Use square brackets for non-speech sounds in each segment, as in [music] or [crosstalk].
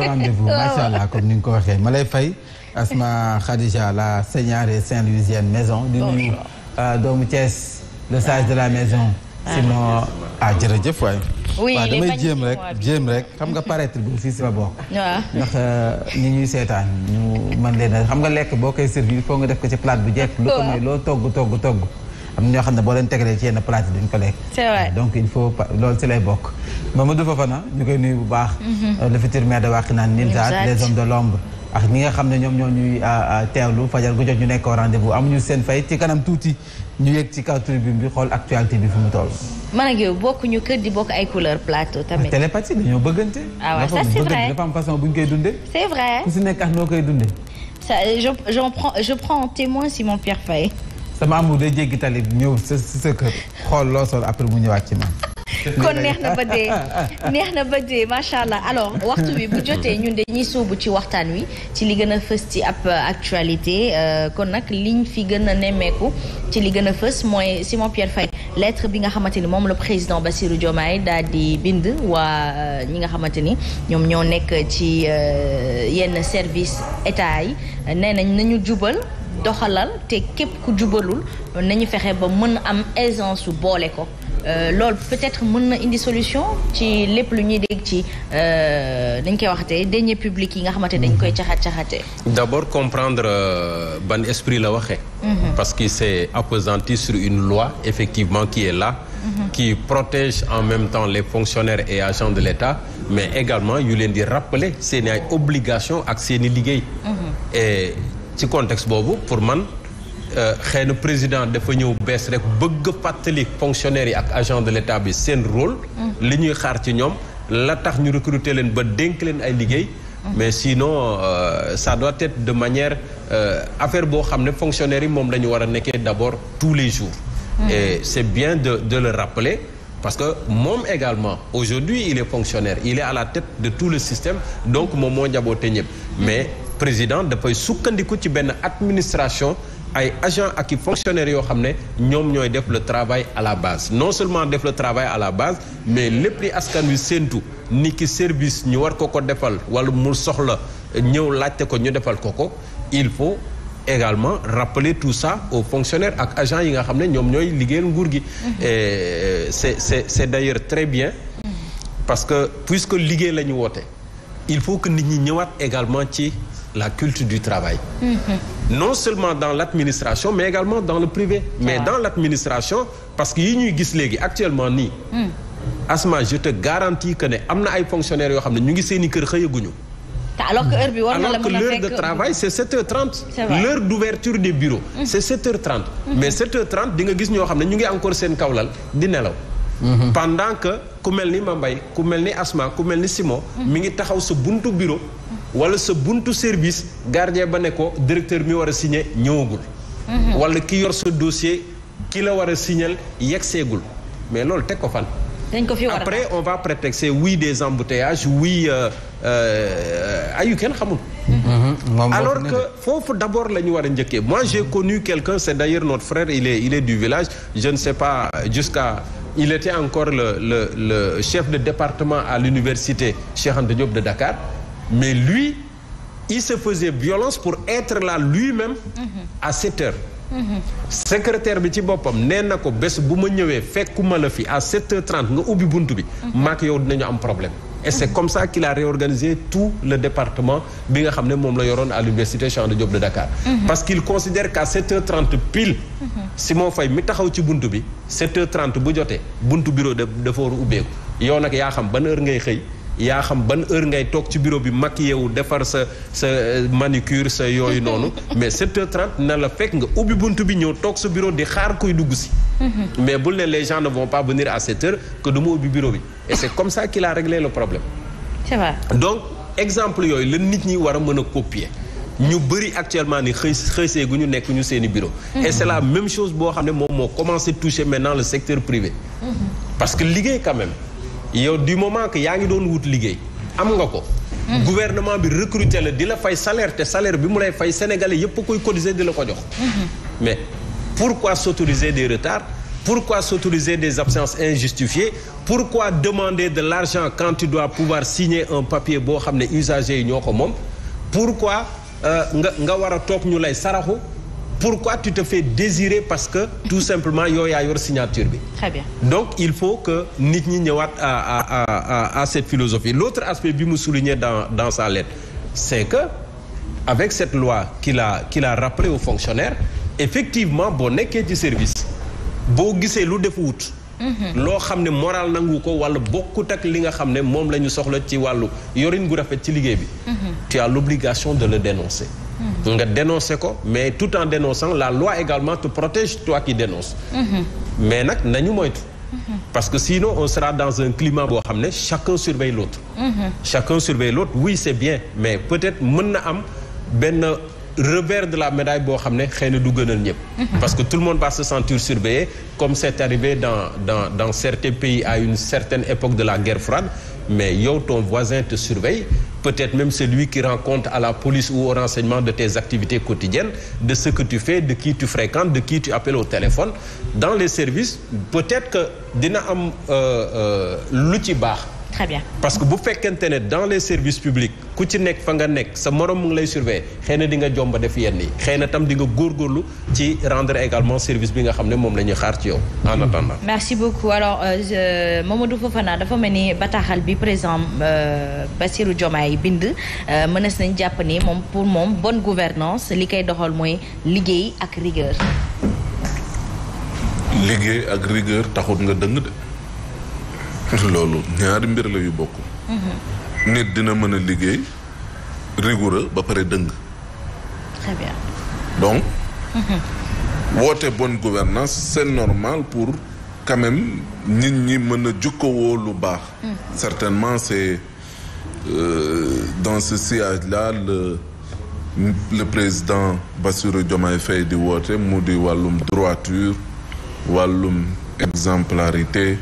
le rendez-vous macha allah comme ni nga ko waxee ma lay fay Asma Khadija la seigneur et Saint-Louisienne maison. di nuyu euh, doomu Thiès le sage de la maison. Ah. sinon ah jërëjëf waay. oui waaw damay jéem rek jéem rek xam nga paraître bi aussi si la bokk. [laughs] ndax euh, ñi ñuy seetaan ñu mën leen a xam nga lekk boo koy servir il faut nga def ko ci plate bu jekk. lu ko may loo togg togg togg. am na ñoo xam ne boo leen tegalee ci yenn plate duñ ko lekk. c'est vrai donc il faut loolu ci lay bokk. Mamadou Fofana ñu koy nuyu bu baax. Mhm. Euh, le futur maire de Wakhinane Nimzatt les hommes de l'ombre ak ñi nga xam ne ñoom ñoo ñuy euh, euh, teewlu fajar gu jot ñu nekk au rendez-vous amuñu seen fay ci kanam tuuti ñu yegg ci kaw tribune bi xool actualité bi fu mu toll. man ak yow bokk ñu kër di bokk ay couleur plateau tamit. télépathie dañoo bëggante. ah waaw ça c'est vrai dafa am façon bu ñu koy dundee. c'est vrai ku si nekk ak noo koy dundee. ça je je prends je prends en témoin Simon Pierre Faye. sama amul day jéggi tali ñëw sa sa kër xool loo sol après mu ñëwaat ci man. kon neex na ba dee neex na ba dee macha allah alors waxtu wi bu jotee ñun dañuy sóobu ci waxtaan wi ci li gën fës ci ab actualité euh, kon nag liñ fi gën a nemmeeku ci li gën a fës mooy Simon Pierre Faye lettre bi nga xamante ni moom la président Bassirou Diomaye daal di bind waa euh, ñi nga xamante ni ñoom ñoo nekk ci euh, yenn service état yi nee nañ nañu jubal doxalal te képp ku jubalul nañu fexe ba mën am aisance su boole ko euh, lool peut mën na indi solution ci lépp lu ñuy dégg ci euh, dañ koy waxatee deniers publics yi nga xamante dañ koy caxat caxatee. d'abord comprendre euh, ban esprit la waxee. Mhm. parce que c'est appesanti sur une loi effectivement qui est là. Mhm. qui protège en même temps les fonctionnaires et agents de l'État mais également yu leen di rappeler seen ay obligations ak seen i liggéey. Mhm. ci contexte boobu pour man euh, xëy na président dafa ñëw bees rek bëgg fàttali fonctionnaires yi ak agent de l'état bi seen role mm. li ñuy xaar ci ñoom la tax ñu recruter leen ba dénk leen ay liggéey. Mm. mais sinon euh, ça doit être de manière euh, affaire boo xam ne fonctionnaires yi moom la ñu war a nekkee d'abord tous les jours. Mm. et c'est bien de de le rappeler. parce que moom également aujourd'hui il est fonctionnaire il est à la tête de tous les système donc moom moo njaboote ñëpp mm. mais. président dafay sukkandiku ci benn administration ay agent ak i fonctionnaires yoo xam ne ñoom ñooy def le travail à la base non seulement def le travail à la base mais lépp li askan wi séentu ni ki service ñu war ko ko defal wala mu soxla ñëw laajte ko ñu defal ko ko il faut également rappeler tout ça au fonctionnaires ak agent yi nga xam ne ñoom ñooy liggéeyal nguur gi et euh, c'est c'est c'est d'ailleurs très bien parce que puisque liggéey lañu woote il faut que nit ñi ñëwaat également ci la culture du travail. Mm-hmm. non seulement dans l'administration mais également dans le privé. Ah. mais dans l'administration parce que yi ñuy gis léegi actuellement nii. Mmh. Asma je te garantis que ne am na ay fonctionnaires yoo xam ne ñu ngi seen i kër xëyaguñu. te alors que heure bi war na la mën a fekk alors que l'heure de travail c'est 7h30. c'est vrai mm-hmm. mm-hmm. di nga gis ñoo xam ne ñu ngi encore seen kawlal di nelaw. pendant que ku mel ni ma mbay ku mel ni Asma ku mel ni Simon. mi ngi taxaw sa buntu bureau. wala sa buntu service gardien ba ne ko directeur mi war a signé ñëwagul. Mhm. wala ki yor sa dossier ki la war a signal yeggseegul mais loolu teg ko fan. dañ ko fi war après on va prétexter oui des embouteillages oui euh, euh, ayu kenn xamul. Mhm. alors que foofu d' abord la ñu war a njëkkee moi j'ai connu quelqu'un c'est d'ailleurs notre frère il est il du village je ne sais pas jusqu'à il était encore le le le chef de département à l'université Cheikh Anta Diop de Dakar mais lui il se faisait violence pour être la lui-même à sept secretaire bi ci boppam nee na ko bés bu ma ñëwee fekkuma la fi à sept heures nga ubbi bunt bi maak yow dinañu am problème et c'est comme ça qu'il a réorganisé tout le département bi nga xam ne moom la yoroon à l'université Cheikh Anta Diop de Dakar parce qu'il considère qu'à sept heures trente pile moo fay mi taxaw ci bunt bi sept heures bu jotee bunt bureau de dafa war a ubbeeku yow nag yaa xam ban heure ngay xëy yaa xam ban heure ngay toog ci bureau bi maquillé wu defar sa sa euh, manicure sa yooyu [laughs] noonu mais 7 h na la fekk nga ubbi bunt bi ñëw toog sa bureau di xaar koy dugg si. [laughs] mais bul ne les gens ne vont pas venir à 7h que ma ubbi bureau bi et c'est comme ça qu'il a réglé le problème. c'est vrai. donc exemple yooyu la nit ñi war a mën a copier. ñu bëri actuellement ni xëy xëysee gu ñu nekk ñu seeni bureau et c'est la même chose boo xam ne moom moo commencé toucher maintenant le secteur privé [laughs] parce que liggéey yow du moment que yaa ngi doon wut liggéey am nga ko. Hmm. gouvernement bi recruter la di la fay salaire te salaire bi mu lay fay sénégalais yépp koy cotiser di la ko jox. Hmm. mais pourquoi s'autoriser des retards. Pourquoi s'autoriser des absences injustifiées? Pourquoi demander de l'argent quand tu dois pouvoir signer un papier boo xam ne usagers yi ñoo ko moom? Pourquoi euh, nga nga war a toog ñu lay saraxu pourquoi tu te fais désirer parce que tout simplement yow yaa yor signature bi. très donc il faut que nit ñi ñëwaat à à à à cette philosophie l'autre aspect bi mu souligné dans dans sa lettre c'est que avec cette loi qu'il a qu'il a fonctionnaire effectivement boo nekkee ci service boo gisee lu def wut. Mhm. loo xam ne moral nangu ko wala bokkut ak li nga xam ne moom la ñu soxla ci wàllu yorin gu rafet ci liggéey bi. Mhm. tu as de le dénoncer. nga dénoncé ko mais tout en dénonçant la loi également te protège toi qui dénonce mhm. mais nag nañu moytu parce que sinon on sera dans un climat boo xam ne chacun surveille l'autre mhm. chacun surveille l'autre oui c'est bien mais peut-être mën na am benn revers de la médaille boo xam ne xëy na du gënal ñëpp mhm. parce que tout le monde va se sentir surveillé comme c'est arrivé dans dans dans certains pays à une certaine époque de la guerre froide mais yow ton voisin te surveille peut-être même celui qui rend compte à la police ou au renseignement de tes activités quotidiennes de ce que tu fais de qui tu fréquentes de qui tu appelles au téléphone dans les services peut-être que dina am euh, euh, lu ci baax très parce que bu fekkente ne dans les service publics ku ci nekk fa nga nekk sa morom mu ngi lay surveiller xëy na di nga jomba def yenn yi xëy na tam dinga nga góorgóorlu ci rendre également service bi nga xam ne moom la ñuy xaar ci yow en attendant merci beaucoup alors euh, euh, Mamadou Fofana dafa mel ni bataaxal bi président jomaa euh, yi bind mënees nañ jàpp ni moom pour moom bonne gouvernance li koy doxal mooy liggéey ak rigueur liggéey ak rigueur taxut nga loolu ñaari mbir la yu bokk. nit dina mën a liggéey rigoureux ba pare dëng. donc. Mhm. woote bon gouvernance c'est normal pour quand nit ñi mën a jukkowoo lu baax. Mhm. certainement c'est euh, dans ce sillage-là le le président Bassirou Diomaye Faye di woote mu di wàllum droiture wàllum exemplarité.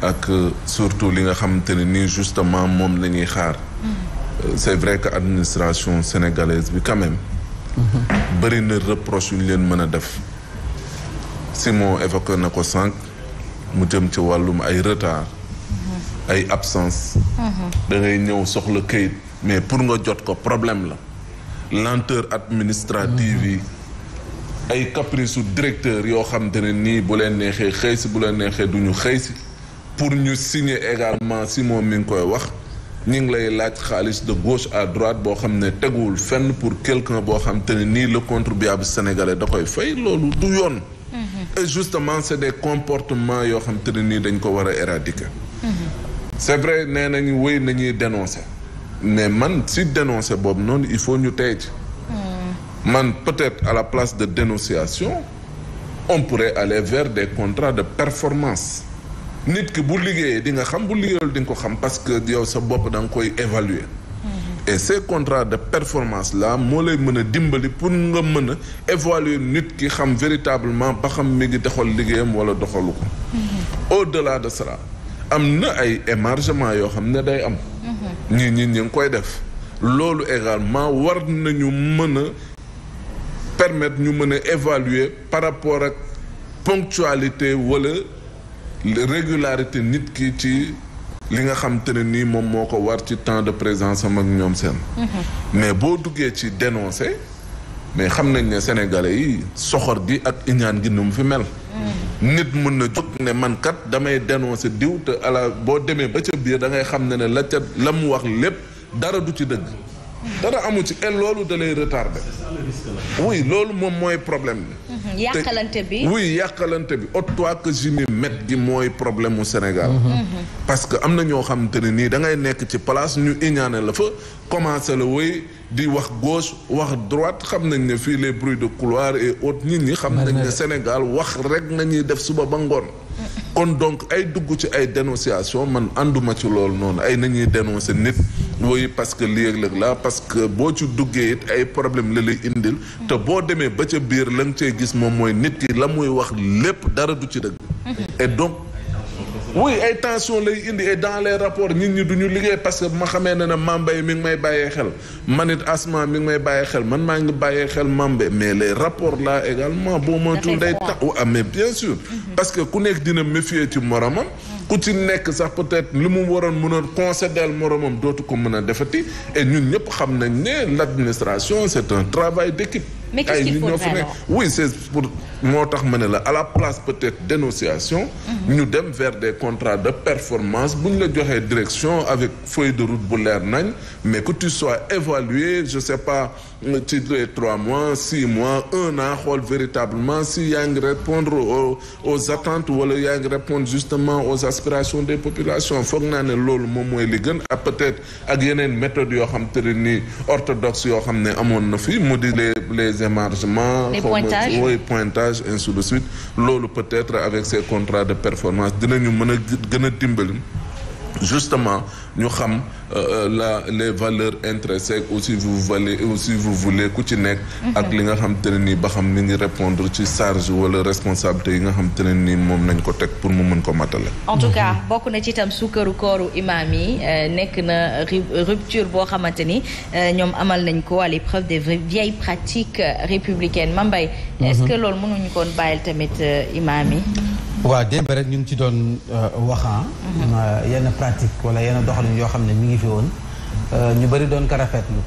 ak surtout li nga xamante ne nii justement moom la xaar. Mm-hmm. c'est vrai que administration sénégalaise bi quand même. Mm-hmm. bëri na reproche yu ñu leen mën a def. Simon évoqué na ko sànq mu jëm ci wàllum ay retard. Mm-hmm. ay absence. da ngay ñëw soxla kayit mais pour nga jot ko problème la. lenteur administrative yi. ay caprice su directeur yoo xam te ne nii bu leen neexee xëy si bu leen neexee du ñu xëy si. pour ñu signer également si moom mi ngi koy wax ñi ngi lay laaj xaalis de gauche à droite boo xam ne teguwul fenn pour quelqu'un boo xam te ne nii le contribuable sénégalais da koy fay loolu du yoon mhm. et justement c'est des comportements yoo xam te ne nii dañ ko war a éradiquer mhm. c'est vrai nee nañu wéy nañuy dénoncer mais man si dénoncer boobu noonu il faut ñu tey ci mhm. man peut à la place de dénonciation on pourrait aller vers des contrats de performance nit ki bu liggéeyee di nga xam bu liggéeyul di nga ko xam parce que yow sa bopp danga koy évaluer mm-hmm. et ces contrat de performance la moo lay mën a dimbali pour nga mën a évaluer nit ki xam véritablement ba xam mi ngi doxal liggéeyam wala doxalu ko mm-hmm. au delà de cela am na ay émargement yoo xam ne day am mm-hmm. ñi ñi ñi ngi koy def loolu également war nañu mën a permettre ñu mën a évaluer par rapport ak ponctualité wala régularité nit ki ci li nga xam te ne nii moom moo ko war ci temps de présence am ak ñoom seen. Mhm. mais boo duggee ci dénoncer mais xam nañ ne sénégalais yi soxor gi ak iñaan gi nu mu fi mel. Mhm. nit mën na jóg ne mankat kat damay dénoncer diw te ala boo demee ba ca biir da ngay xam ne ne la ca la mu wax lépp dara du ci dëgg. dara amu ci et loolu da lay retardé. loolu moom mooy problème bi. Mhm, yàqalante bi wuy yàqalante bi au toi que je m'y gi mooy problème mu Sénégal. Mhm. Mhm. parce que am na ñoo xamante ne nii da ngay nekk ci place ñu iñaane la fa commencé la wéy di wax gauche wax droite xam nañ ne fii les bruits de couloir et autres nit ñi. xam nañ ne Sénégal wax rek nañuy def suba ba ngoon. kon donc ay dugg ci ay dénonciation man ànduma ci loolu noonu ay nañuy dénoncer nit. oui parce que lii ak la parce que boo ci duggee it ay problème la lay indil te boo demee ba ca biir la nga gis moom mooy nit yi la muy wax lépp dara du ci dëgg mhm. et donc oui ay tension lay indi et dans les rapports nit ñi du ñu liggéey parce que ma xamee ne ne mambay mi ngi may bàyyee xel man it asma mi ngi may bàyyee xel man maa ngi bàyyee xel mambay mais les rapports là également boo moytuwul day tax ah, mais bien sûr mhm. parce que ku nekk dina méfier ci moromam mhm. ku ci nekk sax peut-être li mu waroon mënoon concéder moroomam dootu ko mën a defati et ñun ñëpp xam nañ ne l'administration c'est un travail d'équipe mais qu'est-ce qu'il faut c'est pour moo tax ma ne la à la place peut-être dénonciation mhm. ñu dem vers des contrats de performance bu ñu la joxee direction avec feuille de route bu leer nañ mais que tu sois évalué je sais pas ci les trois mois six mois un an xool véritablement si yaa ngi répondre aux aux attentes wala yaa ngi répondre justement aux aspirations des populations foog naa ne loolu moom mooy li gën a ah, peut-être ak yeneen méthodes yoo xam te ne nii yoo xam ne amoon na fi mu démargement. les pointages oui pointage ainsi de suite loolu peut-être avec ces contrats de performance dinañu mën a gën a dimbali. justement ñu xam euh, euh, la les valeurs intrinsèques aussi vous valez aussi vous voulez ku ci nekk. Mhm. ak li nga xam te ne nii ba xam ni ngi répondre ci charge wala responsabilité yi nga xam te ne nii moom nañ ko teg pour mu mën ko matale. en tout mhm. cas bokk na ci itam sukkaru kooru imaam yi euh, nekk na rupture boo xamante ni ñoom amal nañ ko à l'épreuve des vieilles pratiques républicaines Mame Mbaye. est-ce mhm. que loolu mënuñu koon bàyyil tamit imaam yi. waaw démb rek ñu ngi ci doon euh, waxan ah. mm-hmm. euh, yenn pratique wala yenn doxalin yoo xam ne mi ngi fi woon euh, ñu bëri doon ko rafetlu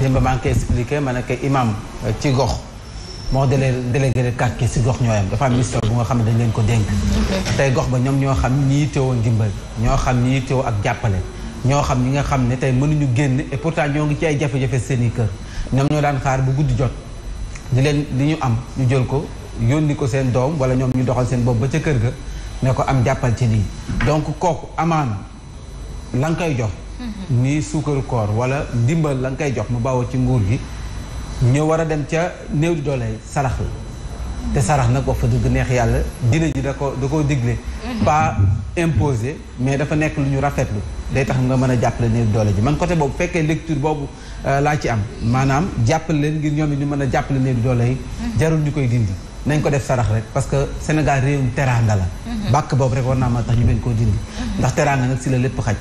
démb maa ngi koy expliqué ma ne que imam ci gox moo délé délégué de quartier si gox ñooyam dafa am ministère bu nga xam ne dañ leen ko dénk tey gox ba ñoom ñoo xam ñi woon ndimbal ñoo xam ñi yittewoo ak jàppale ñoo xam ñi nga xam ne tey mënuñu génn et pourtant ñoo ngi ci ay jafe-jafe seen i kër ñoom ñoo daan xaar bu guddi jot di leen li am ñu jël ko yónni ko seen doom wala ñoom ñu doxal seen bopp ba ca kër ga ne ko am jàppal ci nii donc kooku amaana lan koy jox mhm. nii suukaru koor wala ndimbal la koy jox mu bawoo ci nguur gi ñu war a dem ca néew di doole sarax la te sarax nag wax fa dëgg neex yàlla dina ji da ko da koo digle mhm. pas imposé mais dafa nekk lu ñu rafetlu day tax nga mën a jàppale néew doole ji man côté boobu fekkee lecture boobu euh, laa ci am maanaam jàppale leen ngir ñoom it ñu mën a jàppale néew doole yi mhm. jarul ñu koy dindi nañ ko def sarax rek parce que Sénégal réewum teraanga la mhm. bàkk boobu rek war naa ma tax ñu bañ koo dindi mhm. ndax teraanga nag si la lépp xaj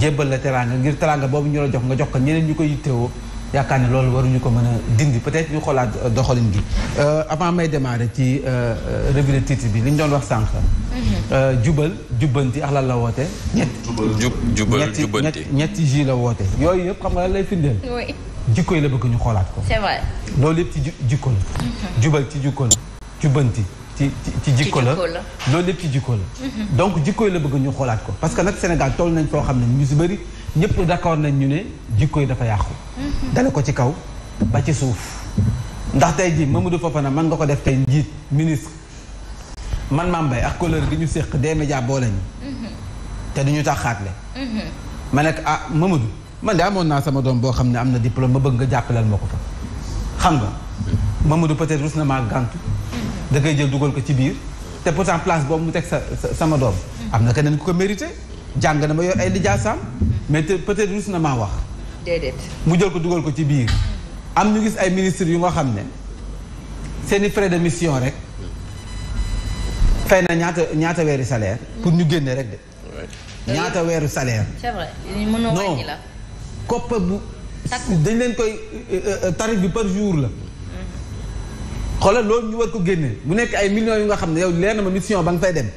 jébbal la teraanga ngir teraanga boobu ñu la jox nga jox ko ñeneen ñu ko yittewoo yaakaar ne loolu waruñu ko mën a dindi peut-être ñu xoolaat euh, doxalin gi euh, avant may démarrer ci euh, revue de titre bi li doon wax sànq mhm. jubal jubbanti ak lan la woote ñett jubal jubbanti ñetti ji woote yooyu yëpp xam nga lan lay firndeel ñu xoolaat loolu yëpp ci jikko la jubal ci jikko la jubbanti ci ci jikko la loolu lépp ci jikko la mhm. donc jikko la bëgg ñu xoolaat ko parce que nag Sénégal toll nañ foo xam ne ñu si bëri ñëpp d'accord nañ ñu ne jikko yi dafa yàqu mhm. dale ko ci kaw ba ci suuf ndax tey jii Mamadou na man nga ko def tey njiit ministre man Mame Mbaye ak couleur gi ñu séq des médias boole ñu mhm. te du ñu tax xaatle ma nekk ah Mamadou man de amoon naa sama doom boo xam ne am na diplôme ma bëgg nga jàppaleel ma ko fa xam nga Mamadou peut da koy jël dugal ko ci biir te pourtant place boobu mu teg sa sama doom am na keneen ku ko mérité jàng na ma yor ay lijaasaam mais peut-être rus na maa wax mu jël ko dugal ko ci biir am ñu gis ay ministres yu nga xam ne seeni frais de mission rek fay na ñaata ñaata weeri salaire pour ñu génne rek de ñaata weeru salaire c'est vrai bu dañ leen koy euh, euh, tarif bi par jour la xoolal loolu ñu war ko génne mu nekk ay millions yu nga xam ne yow leer na ma mission ba nga fay dem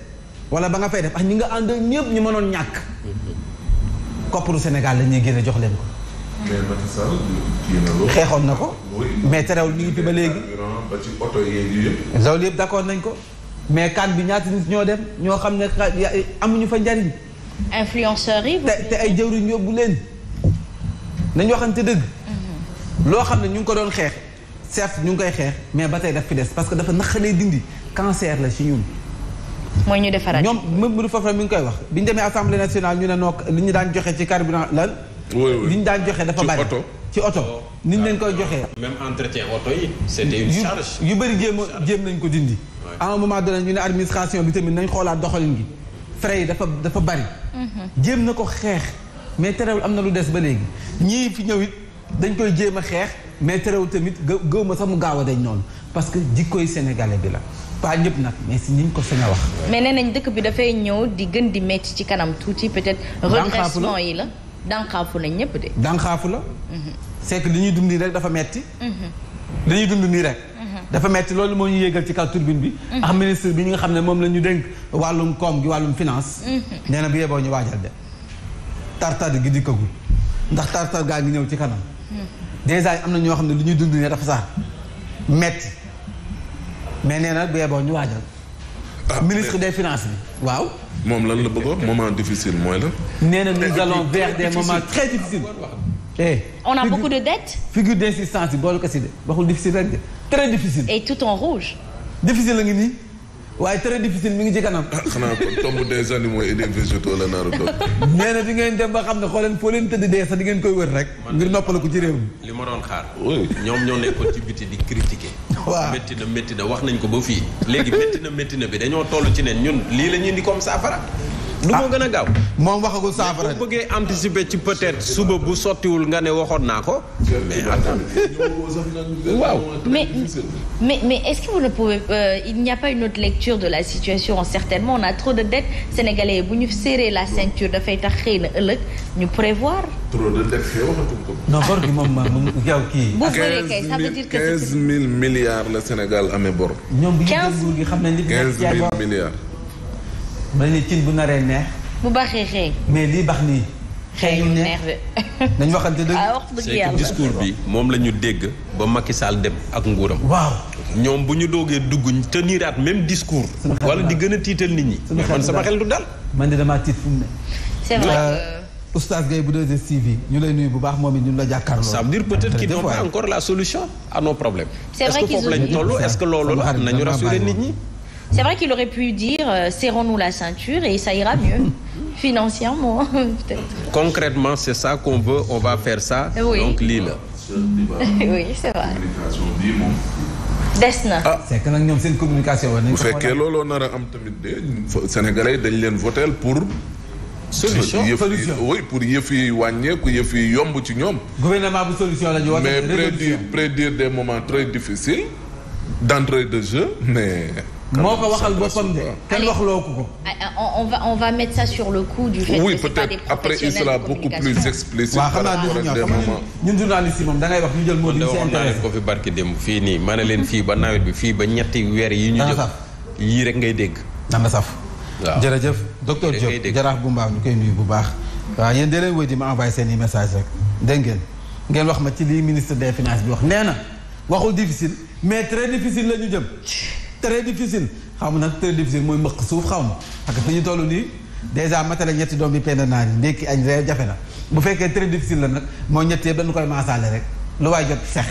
wala ba nga fay def ak ah, ñi nga ànd ñëpp ñu mënoon ñàkk. kopparu Sénégal la ñuy génne jox leen na ko. mais terewul ñu ba léegi. ba ci nañ ko mais kan bi ñaata nit ñoo dem ñoo xam ne amuñu fa njariñ. influenceurs yi. te te ay jëwriñ yóbbu leen nañu waxante dëgg. Mhm. loo xam ne ñu ngi ko doon xeex. certes ñu ngi koy xeex mais ba tey daf fi des parce que dafa naqaree dindi cancer la ci ñun. mooy ñu defaraat ñoom même bu foofu mi ngi koy wax bi ñu demee assemblée nationale ñu ne noo li ñu daan joxe ci carburant lan. li ñu daan joxe dafa bari ci oto ni ñu koy joxe même entretien oto yi. c'était une yu bëri jéem a jéem nañ ko dindi. à un moment donné ñu ne administration bi tamit nañ xoolaat doxalin gi frais yi dafa dafa bari. Mhm. jéem na ko xeex mais terewul am na lu des ba léegi ñii fi ñëw dañ koy jéem a xeex mais terewul tamit gëw ma sax mu gaaw a dañ noonu parce que jikkooy sénégalais bi la pas ñëpp nag mais si niñ ko sañ a wax. mais nee nañ dëkk bi dafay ñëw di di metti ci kanam tuuti peut-être. redressement yi la dànqaafu la ñëpp de. dànqaafu la. Mhm. c'est li ñuy dund rek dafa metti mhm. li dund nii rek. Mhm. dafa metti loolu moo ñu yéegal ci kaw turbine bi. ak ministre bi ñi nga xam ne moom la ñu dénk wàllum koom gi wàllum finance. nee na bu yeboo ñu waajal de. tartar gi dikkagul ndax tartar gaa ngi ñëw ci kanam. dèjà am na ñoo xam ne lu ñuy dund ne dafa sax metti mais nee na bee boo ñu waajal. Ah, ministre des finances bi waaw. moom lan la bëggoon moment difficile mooy la. nee na nous allons vers des moments très difficiles. eh. on a beaucoup de dettes. figure d' insistance bi ko si de waxul difficile rek de très difficile. et tout en rouge. difficile la ngi nii. waaye très difficile mi ngi ci kanam. Ah, xanaa kon tomb des animaux et des végétaux la naaru doon. [laughs] nee na dem ba xam ne xooleen foo leen tëdd dee sax di ngeen koy wër rek. ngir noppal ko ci réew mi. li ma doon xaar. ñoom ñoo nekkoon ci biti di critiquer. [laughs] waaw métti na na wax nañ ko ba fii. léegi métti na métti bi dañoo toll ci ne ñun lii la ñuy indi comme saafara. lu ko ah. gën a gaaw. moom wax ko waxagul saafara bu bëggee anticiper ci peut-être suba bu sottiwul nga ne waxoon naa ko. mais waaw. mais mais mais est-ce que vous ne pouvez euh, il n'y a pas une autre lecture de la situation certainement on a trop de dettes sénégalais bu ñu serrer la ceinture dafay tax xëy na ëllëg ñu prévoir. trop de dettes yow waxatuñ ko. non bor gi moom moom yow kii. bu bëree kay ça veut dire que 15000 milliards la Sénégal amee bor. ñoom bi ñu jël gi xam nañ li. 15000 milliards. ma ni cin bu naree neex. bu baaxee xëy. mais lii baax nii. xëy ñu neex de. [laughs] nañu waxante dëgg. ah wax discours bi moom la ñu dégg ba Macky Sall dem ak nguuram. waaw ñoom bu ñu doogee dugg ñu teniraat même discours. wala di gën a tiital nit ñi. man sama xel du dal. man de damaa tiit fu mu ne. c'est vrai. Euh, Oustaz Gueye bu 2STV ñu lay nuyu bu baax moom it ñun la jàkkaarloo. ça veut dire peut-être qu'ils n'ont encore la solution à nos c'est vrai qu'ils ont est-ce lañ toll ñi. C'est vrai qu'il aurait pu dire euh, serrons-nous la ceinture et ça ira mieux. [laughs] Financièrement, [laughs] peut-être. Concrètement, c'est ça qu'on veut, on va faire ça. Donc lii la. [laughs] oui, c'est vrai. des na. ah c'est que nag ñoom seen communication war nañu ko bu fekkee looloo nar am tamit de Sénégalais dañ leen votel pour. solution solution oui pour yëf yi wàññeeku yëf yi yomb ci ñoom. gouvernement bu solution la ñu wax. mais prédire prédire des moments très difficiles d'entrée de jeu mais. moo ko waxal boppam de kenn waxloo ko ko. on va on va mettre ça sur le coup moom da wax ñu jël mot di. waxoon naa leen ko fi barki fii nii ma ne leen fii ba nawet bi fii ba ñetti weer yi ñu jëm yii rek ngay dégg. dana saf. waaw jërëjëf docteur Diop jaraax bu mbaax ñu koy nuyu bu baax. waaw yéen dee leen wéy seen i message rek dégg ngeen ngeen wax ma ci lii ministre des finances bi wax nee na waxul difficile mais très la ñu jëm très difficile xaw ma nag très difficile mooy mëq suuf xaw ma parce que fi ñu tollu nii dèjà matale ñetti doom yi pexe naa ni ndékki añ reer jafe na bu fekkee très difficile la nag mooy ñett yëpp dañu koy rek lu waay jot sex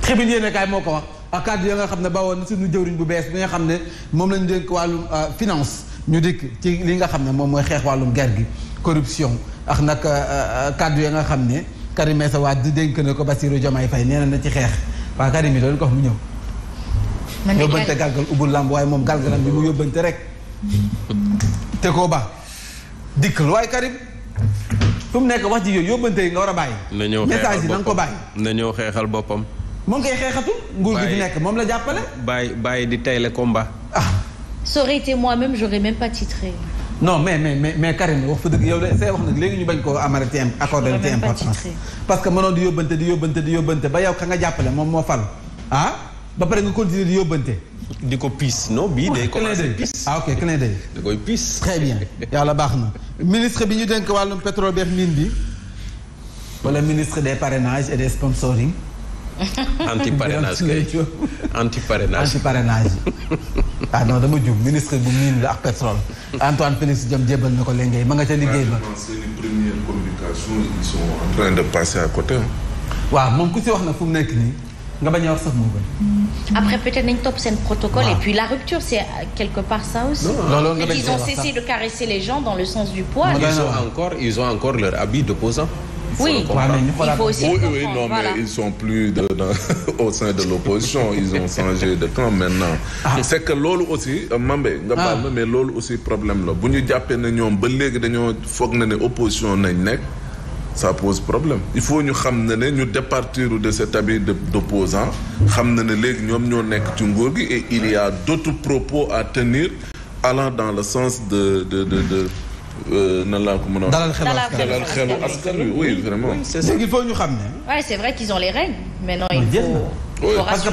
tribune yéene kaay moo ko wax ak kàddu xam ne bawoon na suñu jëwriñ bu bees bi nga xam ne moom lañu dénk euh, finance ñu dikk ci li nga xam ne moom mooy xeex wàllum ger gi corruption ak nag euh, euh, kàddu ya nga xam ne Karim Meïssa Wade di dénk na ko Bassirou Diomaye Faye nee na na ci xeex waa Karim yi doon ko wax mu ñëw man yóbbante galgal ubbul làmb waaye moom galgalam bi mu yóbbante rek. te koo ba dikkal waaye Karim fu mu nekk wax ji yooyu yóbbante yi nga war a bàyyi. na ñëw message yi na ko bàyyi. na ñëw xeexal boppam. moom koy xeexatu. nguur gi fi nekk moom la jàppale. bàyyi bàyyi di tayle combat. ah. ça aurait été moi-même j'aurais même pas titré. non mais mais mais mais Karim wax fa dëgg yow de say wax nag léegi ñu bañ koo amara ci accordé ci importance parce que mënoon di yóbbante di yóbbante di yóbbante ba yow ka jàppale moom moo fal ah? ba pare nga continuer di yóbbante. di ko piis no bii de commencé piis ah ok clin d'œil yàlla baax na ministre bi ñu denk wàllum pétrole beef mine bi wala ministre des parrainages et des sponsoring [laughs] anti parrainage kay anti parrainage anti parrainage ah non dama jub ministre bu mine la ak pétrole Antoine Félix Diome jébal na ko léegi ma nga ca liggéey ba. seen i première de côté. waaw moom ku si wax na fu mu nekk nii. nga bañ a wax sax moo gën. Hmm. après peut-être nañ topp seen protocole. Wow. et puis la rupture c'est quelque part ça aussi. loolu nga ont cessé de caresser les gens dans le sens du poil. ils ont encore ils ont encore leur habit d'opposant. oui il faut aussi oui, oui, de, dans, [laughs] au de l'opposition ils ont changé de camp maintenant. Ah. c'est que loolu aussi euh, Mambe. nga ah. baal ma mais loolu aussi problème la bu ñu jàppee na ñoom ba léegi dañoo foog na ne opposition nañ nekk. ça pose problème il faut ñu xam ne ne ñu départir de cet habit de d'opposant xam na ne léegi ñoom ñoo nekk ci nguur gi et il y a d'autres propos à tenir allant dans le sens de de de de euh, nan laa ko mën a. dalal xelu askan dalal xelu askan wi oui ñu xam ne. waaye c'est vrai qu'ils ont les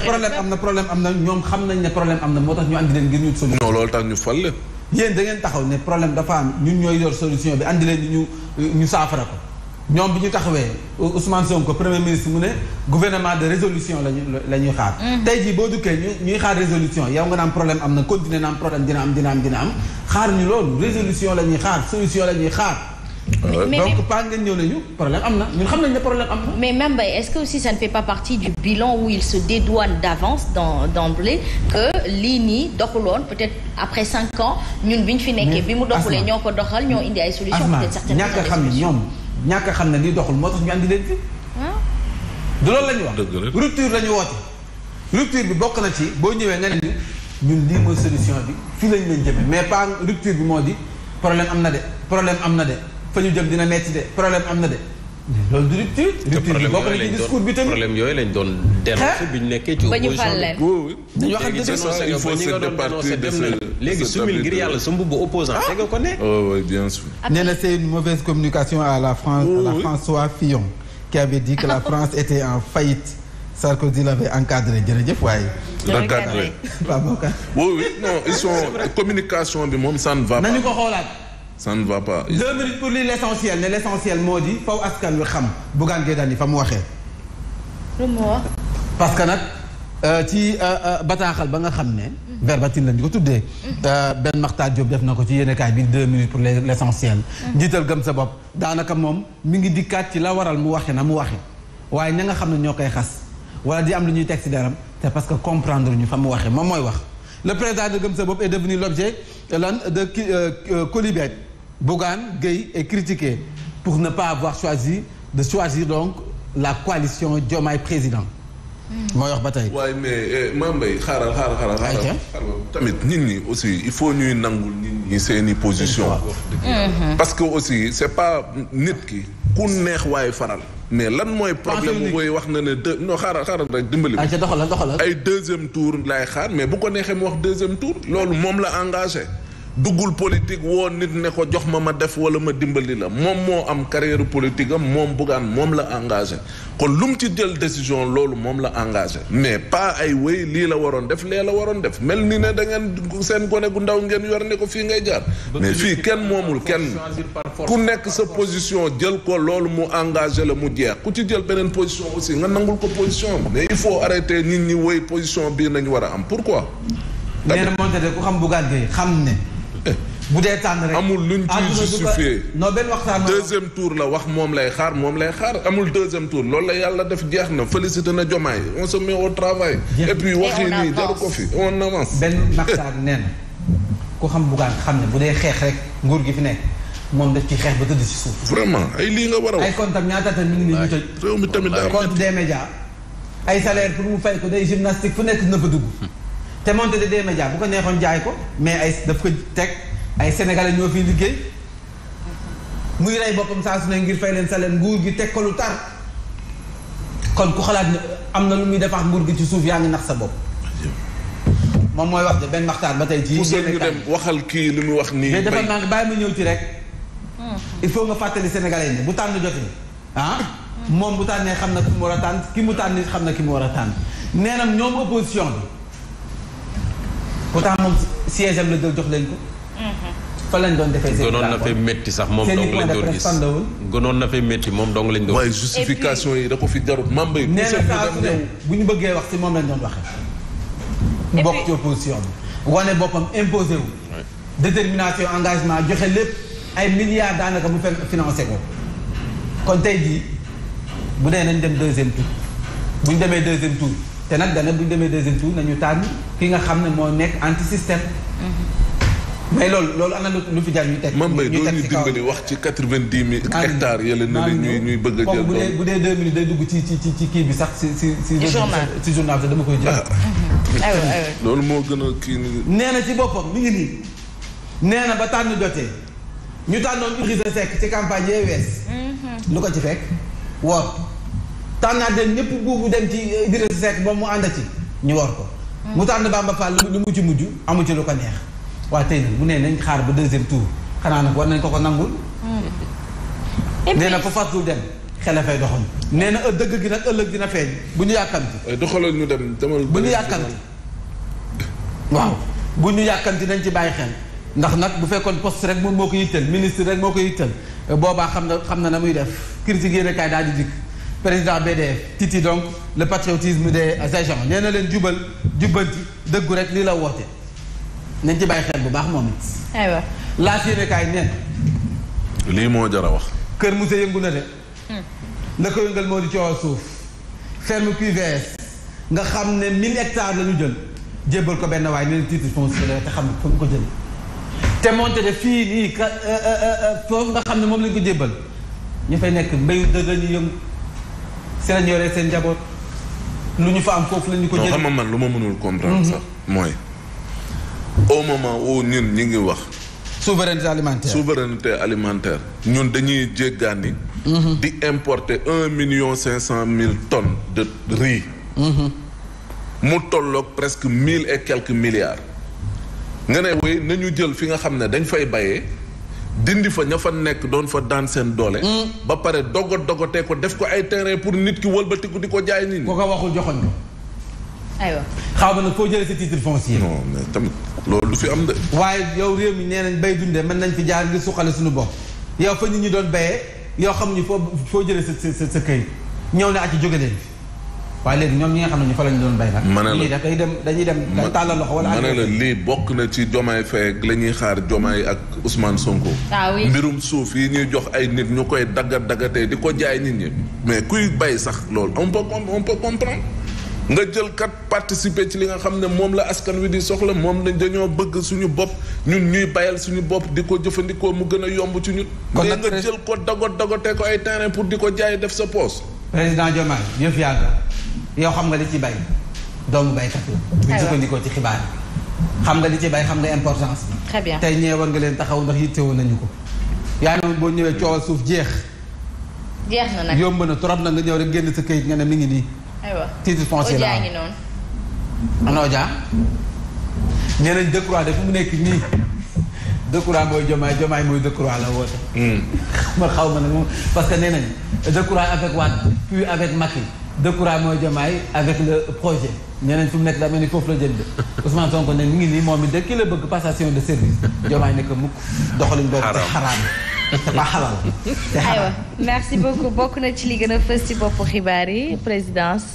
problème am na problème am na ñoom xam nañ ne problème am na moo tax ñu andi leen ngir ñu solution. non loolu tax ñu fal leen. yéen da ngeen taxaw ne problème dafa am ñun ñooy yor solution bi andi leen ñu ñu saafara ko. ñoom bi ñu taxawee Ousmane Sonko premier ministre mu ne gouvernement de résolution lañu la ñuy xaar. Mm-hmm. tey jii boo dukkee ñuy xaar résolution yow nga naan problème am na continuer na am problème dina am dina am dina am xaar ñu la ñuy xaar solution la ñuy xaar. mais euh, donc pas ngeen ñëw am na ñun xam nañ ne problème am na. mais Mame Mbaye est-ce que aussi ça ne fait pas partie du bilan où il se dédouane d'avance dans que lii nii doxuloon peut-être après cinq ans ñun bi ñu fi nekkee. bi mu doxulee ñoo ko doxal ñoo indi ay solutions. peut-être certaines ñàkk xam ne ñoom. ñàkk xam ne nii doxul moo tax ñu andi leen fi. Hmm? du loolu la ñu wax. dëgg rupture la ñu woote. rupture bi bokk na ci boo ñëwee nga ne ñu ñun lii mooy solution bi fii lañ leen jëmee mais pas rupture bi moo di problème am na de problème am na de fa ñu jëm dina metti de problème am na de. loolu du rupture. rupture bi bokk na ci discours bi tamit problème yooyu lañ doon dénoncé bi ñu nekkee ci opposition bi. dañoo xam ne sax il faut se départir de ce léegi sumil ngir yàlla sa mbubu opposant te nga ko ne. Oh, oui bien sûr. nee na c'est une mauvaise communication à la France à la François Fillon qui avait dit que la [laughs] France était en faillite. Sarkozy l'avait encadré jërëjëf waaye. encadré waaw oui oui non ils sont communication bi moom ça ne va pas. nañu ko xoolaat. ça ne va pas. deux minutes pour lii l' essentiel ne l' essentiel moo di faw askan wi xam Bougane Gueye Dany fa mu waxee. lu parce que nag euh, ci euh, euh, bataaxal ba nga xam ne. Mm-hmm. verbatim lañ ko tuddee. Mm-hmm. benn Makhtar Diop def na ko ci yéenekaay bi deux minutes pour l' essentiel. Mm-hmm. njiital gëm sa bopp daanaka moom mi ngi dikkaat ci la waral mu waxe na mu waxe waaye ña nga xam ne ñoo koy xas wala di am lu ñuy teg ci daram c'est parce que comprendre ñu fa mu waxe moom mooy wax le président de gëm sa bopp est devenu l' Euh, lan de euh, euh, Colibet Bougane Gueye est critiqué pour ne pas avoir choisi de choisir donc la coalition Diomaye président. Hmm. moo wax ba tey. waaye mais eh, Mame Mbaye xaaral xaaral ah, xaaral. xaaral tamit nit ñi aussi il faut ñuy nangul nit ñi seen i position parce que aussi c'est pas nit ki ku neex waaye faral. mais lan mooy problème mooy wax na ne deux non xaaral xaaral rek dimbali ay deuxième tour laay xaar mais bu ko neexee mu wax deuxième tour loolu moom la engagé duggul politique woo nit ne ko jox ma ma def wala ma dimbali la moom moo am carrière politique am moom Bougane moom la engagé kon lu mu ci jël décision loolu moom la engage mais pas ay wéy lii la waroon def lee la waroon def mel ni ne da ngeen seen gone gu ndaw ngeen yor ne ko fii ngay jaar mais fii kenn moomul kenn ku nekk sa position jël ko loolu mu engagé la mu jeex ku ci jël beneen position aussi nga nangul ko position mais il faut arrêter nit ñi wéy position bii nañ war a am pourquoi nee na moom ku xam Bougane Gueye xam ne bu dee tànn rek amul luñ ci justifié non benn waxtaan deuxième tour la wax moom lay xaar moom lay xaar amul deuxième tour loolu la yàlla def jeex na félicité na jomaay on se met au travail. et puis wax yi nii jaru ko fi on avance. benn maxtaan nee ku xam bugaan xam ne bu dee xeex rek nguur gi fi ne moom daf ci xeex ba tëdd si suuf. vraiment ay lii nga war a wax ay comptes am ñaata tamit mi ngi compte des médias ay salaire pour mu fay ko day gymnastique fu nekk na dugg. te Monte de des médias bu ko neexoon jaay ko mais ay daf ko teg ay sénégalais ñoo fiy liggéey muy rey boppam saa su ne ngir fay leen sa leen nguur gi teg ko lu tar kon ku xalaat ne am na lu muy defar nguur gi ci suuf yaa ngi nax sa bopp. moom mooy wax de benn waxtaan ba tey ci ñu dem waxal kii lu mu wax nii. mais dafa ma ñëw ci rek. il faut nga fàttali sénégalais yi bu tànn jotee ah. moom bu tànnee xam na ki mu war a tànn ki mu tànn xam na ki mu war a tànn nee na ñoom opposition bi. pourtant moom siège am la jël jox lañ ko. fa lañ doon defee seen gënoon na fee métti sax moom dong lañ doon gis gënoon na fee métti moom dong lañ doon. waaye justification yi da ko fi jarut. membre yi nee na saa su ne bu ñu bëggee wax ci moom lañ doon waxee. bokk ci opposition bi. wane boppam imposé wu. détermination engagement joxe lépp ay milliards daanaka mu fekk financé ko. kon tey jii bu nee nañ dem deuxième tour bu ñu demee deuxième tour. te nag dana bu ñu demee deuxième tour ñu tànn ki nga xam ne moo nekk anti système. mais loolu loolu am na lu fi jar ñu teg. ñu teg ci wax ci quatre vingt dix mille hectares yële bëgg a bu dee bu dee deux minutes day dugg ci ci ci kii bi sax si si si. journal si journal bi dama koy jël. Ah, ah. Ah, loolu moo gën a kii nii. nee na ci boppam mi ngi nii nee na ba tànn jotee ñu tànnoon Idrissa Seck ci campagne yee wees. Mm-hmm. lu ko ci fekk woor. tànnaat leen ñëpp buubu dem ci euh, Idrissa Seck ba mu ànd ci ñu war ko. Mm. mu tànn Bamba Fall lu mu ci mujj amu ci lu ko neex waa tey nag mu nee nañ xaar ba deuxième tour xanaa nag war nañ ko ko nangul. Mm. nee na fa fàttul dem xele nee na dëgg gi nag ëllëg dina feeñ bu ñu yàkkanti. Eh, doxaloon ñu dem demal bu ñu yàkkanti waaw bu ñu yàkkanti nañ ci bàyyi xel. ndax nag bu fekkoon poste rek moom moo ko yittal ministre rek moo ko yittal boobaa xam na xam na na muy def critique yéen a kaay daal di dikk. président BDF Titi donc le patriotisme des agents nee na leen jubal jubbanti dëggu rek lii la woote nañ ci bàyyi xel bu baax moom it. aywa laas yéene kaay neen. lii moo jar a wax. kër Moussa yëngu na de. la hmm. ko yëngal moo di coowal suuf. ferme QVS nga xam ne 1000 hectares la ñu jël jébbal ko benn waaye nee na xam ne fa mu ko jël te monté de fii nii euh, euh, euh, foofu nga xam ne moom lañ ko jébbal ñu fay nekk mbéyu dëgg la yëngu. si lañ yoree seen njaboot lu ñu fa am foofu la ñu ko jëlee. non xam man lu ma mënul comprendre mhm. sax. mooy au moment où ñun ñu ngi wax. souveraineté alimentaire souveraineté alimentaire ñun dañuy jéggaani. Mhm. di importer un million cinq cent mille tonnes de riz. Mhm. mu tolloog presque mille et quelques milliards. nga ne wey nañu jël fi nga xam ne dañ fay bayee. dindi fa ña fa nekk doon fa daan seen doole. Mm. ba pare dogot dogotee ko def ko ay terrain pour nit ki ko di ko jaay nit ñi. ko ko waxul joxoñ ko. aywa xaw ma nag foo jëlee sa titre foncier. non mais tamit loolu du fi am de. waaye yow réew mi nee nañ bay dundee mën nañ fi jaar ngir suqale suñu bopp yow fa nit ñi doon béyee yoo xam ni foo foo jëlee sa sa sa këy ñëw na ak ci jóge leen fi waaye ñoom ñi nga ñu fa lañu doon bay nag. mën na la dem dañuy dem dañuy tàllal loxo wala. mën na lii bokk na ci jomaay feeg la ñuy xaar jomaay ak Ousmane Sonko. ah mbirum suuf yi ñuy jox ay nit ñu koy daggat daggatee di ko jaay nit ñi. mais kuy bay sax loolu on peut on nga jël kat participer ci li nga xam ne moom la askan wi di soxla moom lañ dañoo bëgg suñu bopp ñun ñuy bayal suñu bopp di ko jëfandikoo mu gën a yomb ci ñun. kon nga jël ko dagot dagotee ko ay terrain pour di ko jaay def sa poos président Diomaye yëf yaa yow xam nga li ci bay doomu baykat la. buñ sukkandikoo ci xibaar xam nga li ci bay xam nga importance bi. tey ñee war nga leen taxaw ndax yittewoo nañu ko. yaa ngi boo ñëwee coowal suuf jeex. jeex na nag yomb na trop na nga ñëw rek génn sa këyit nga ne mi ngi nii. aywa titre foncier la ngi noonu. anoo jaa nee nañ Decroix dafa mu nekk nii Decroix mooy jomaay jomaay mooy Decroix la woote. Hmm. [laughs] ma xaw ma ne moom parce que nee nañ. Decroix avec Wade puis avec Macky Decroix mooy Diomaye avec le projet ñeneen fi mu nekk daa ni foofu la jëm de Ousmane Sonko ne mi ngi nii moom it de ki la bëgg passation de service Diomaye ne ko doxalin boobu ci xaraam aywa [laughs] merci beaucoup bokk na ci li ci boppu xibaar yi présidence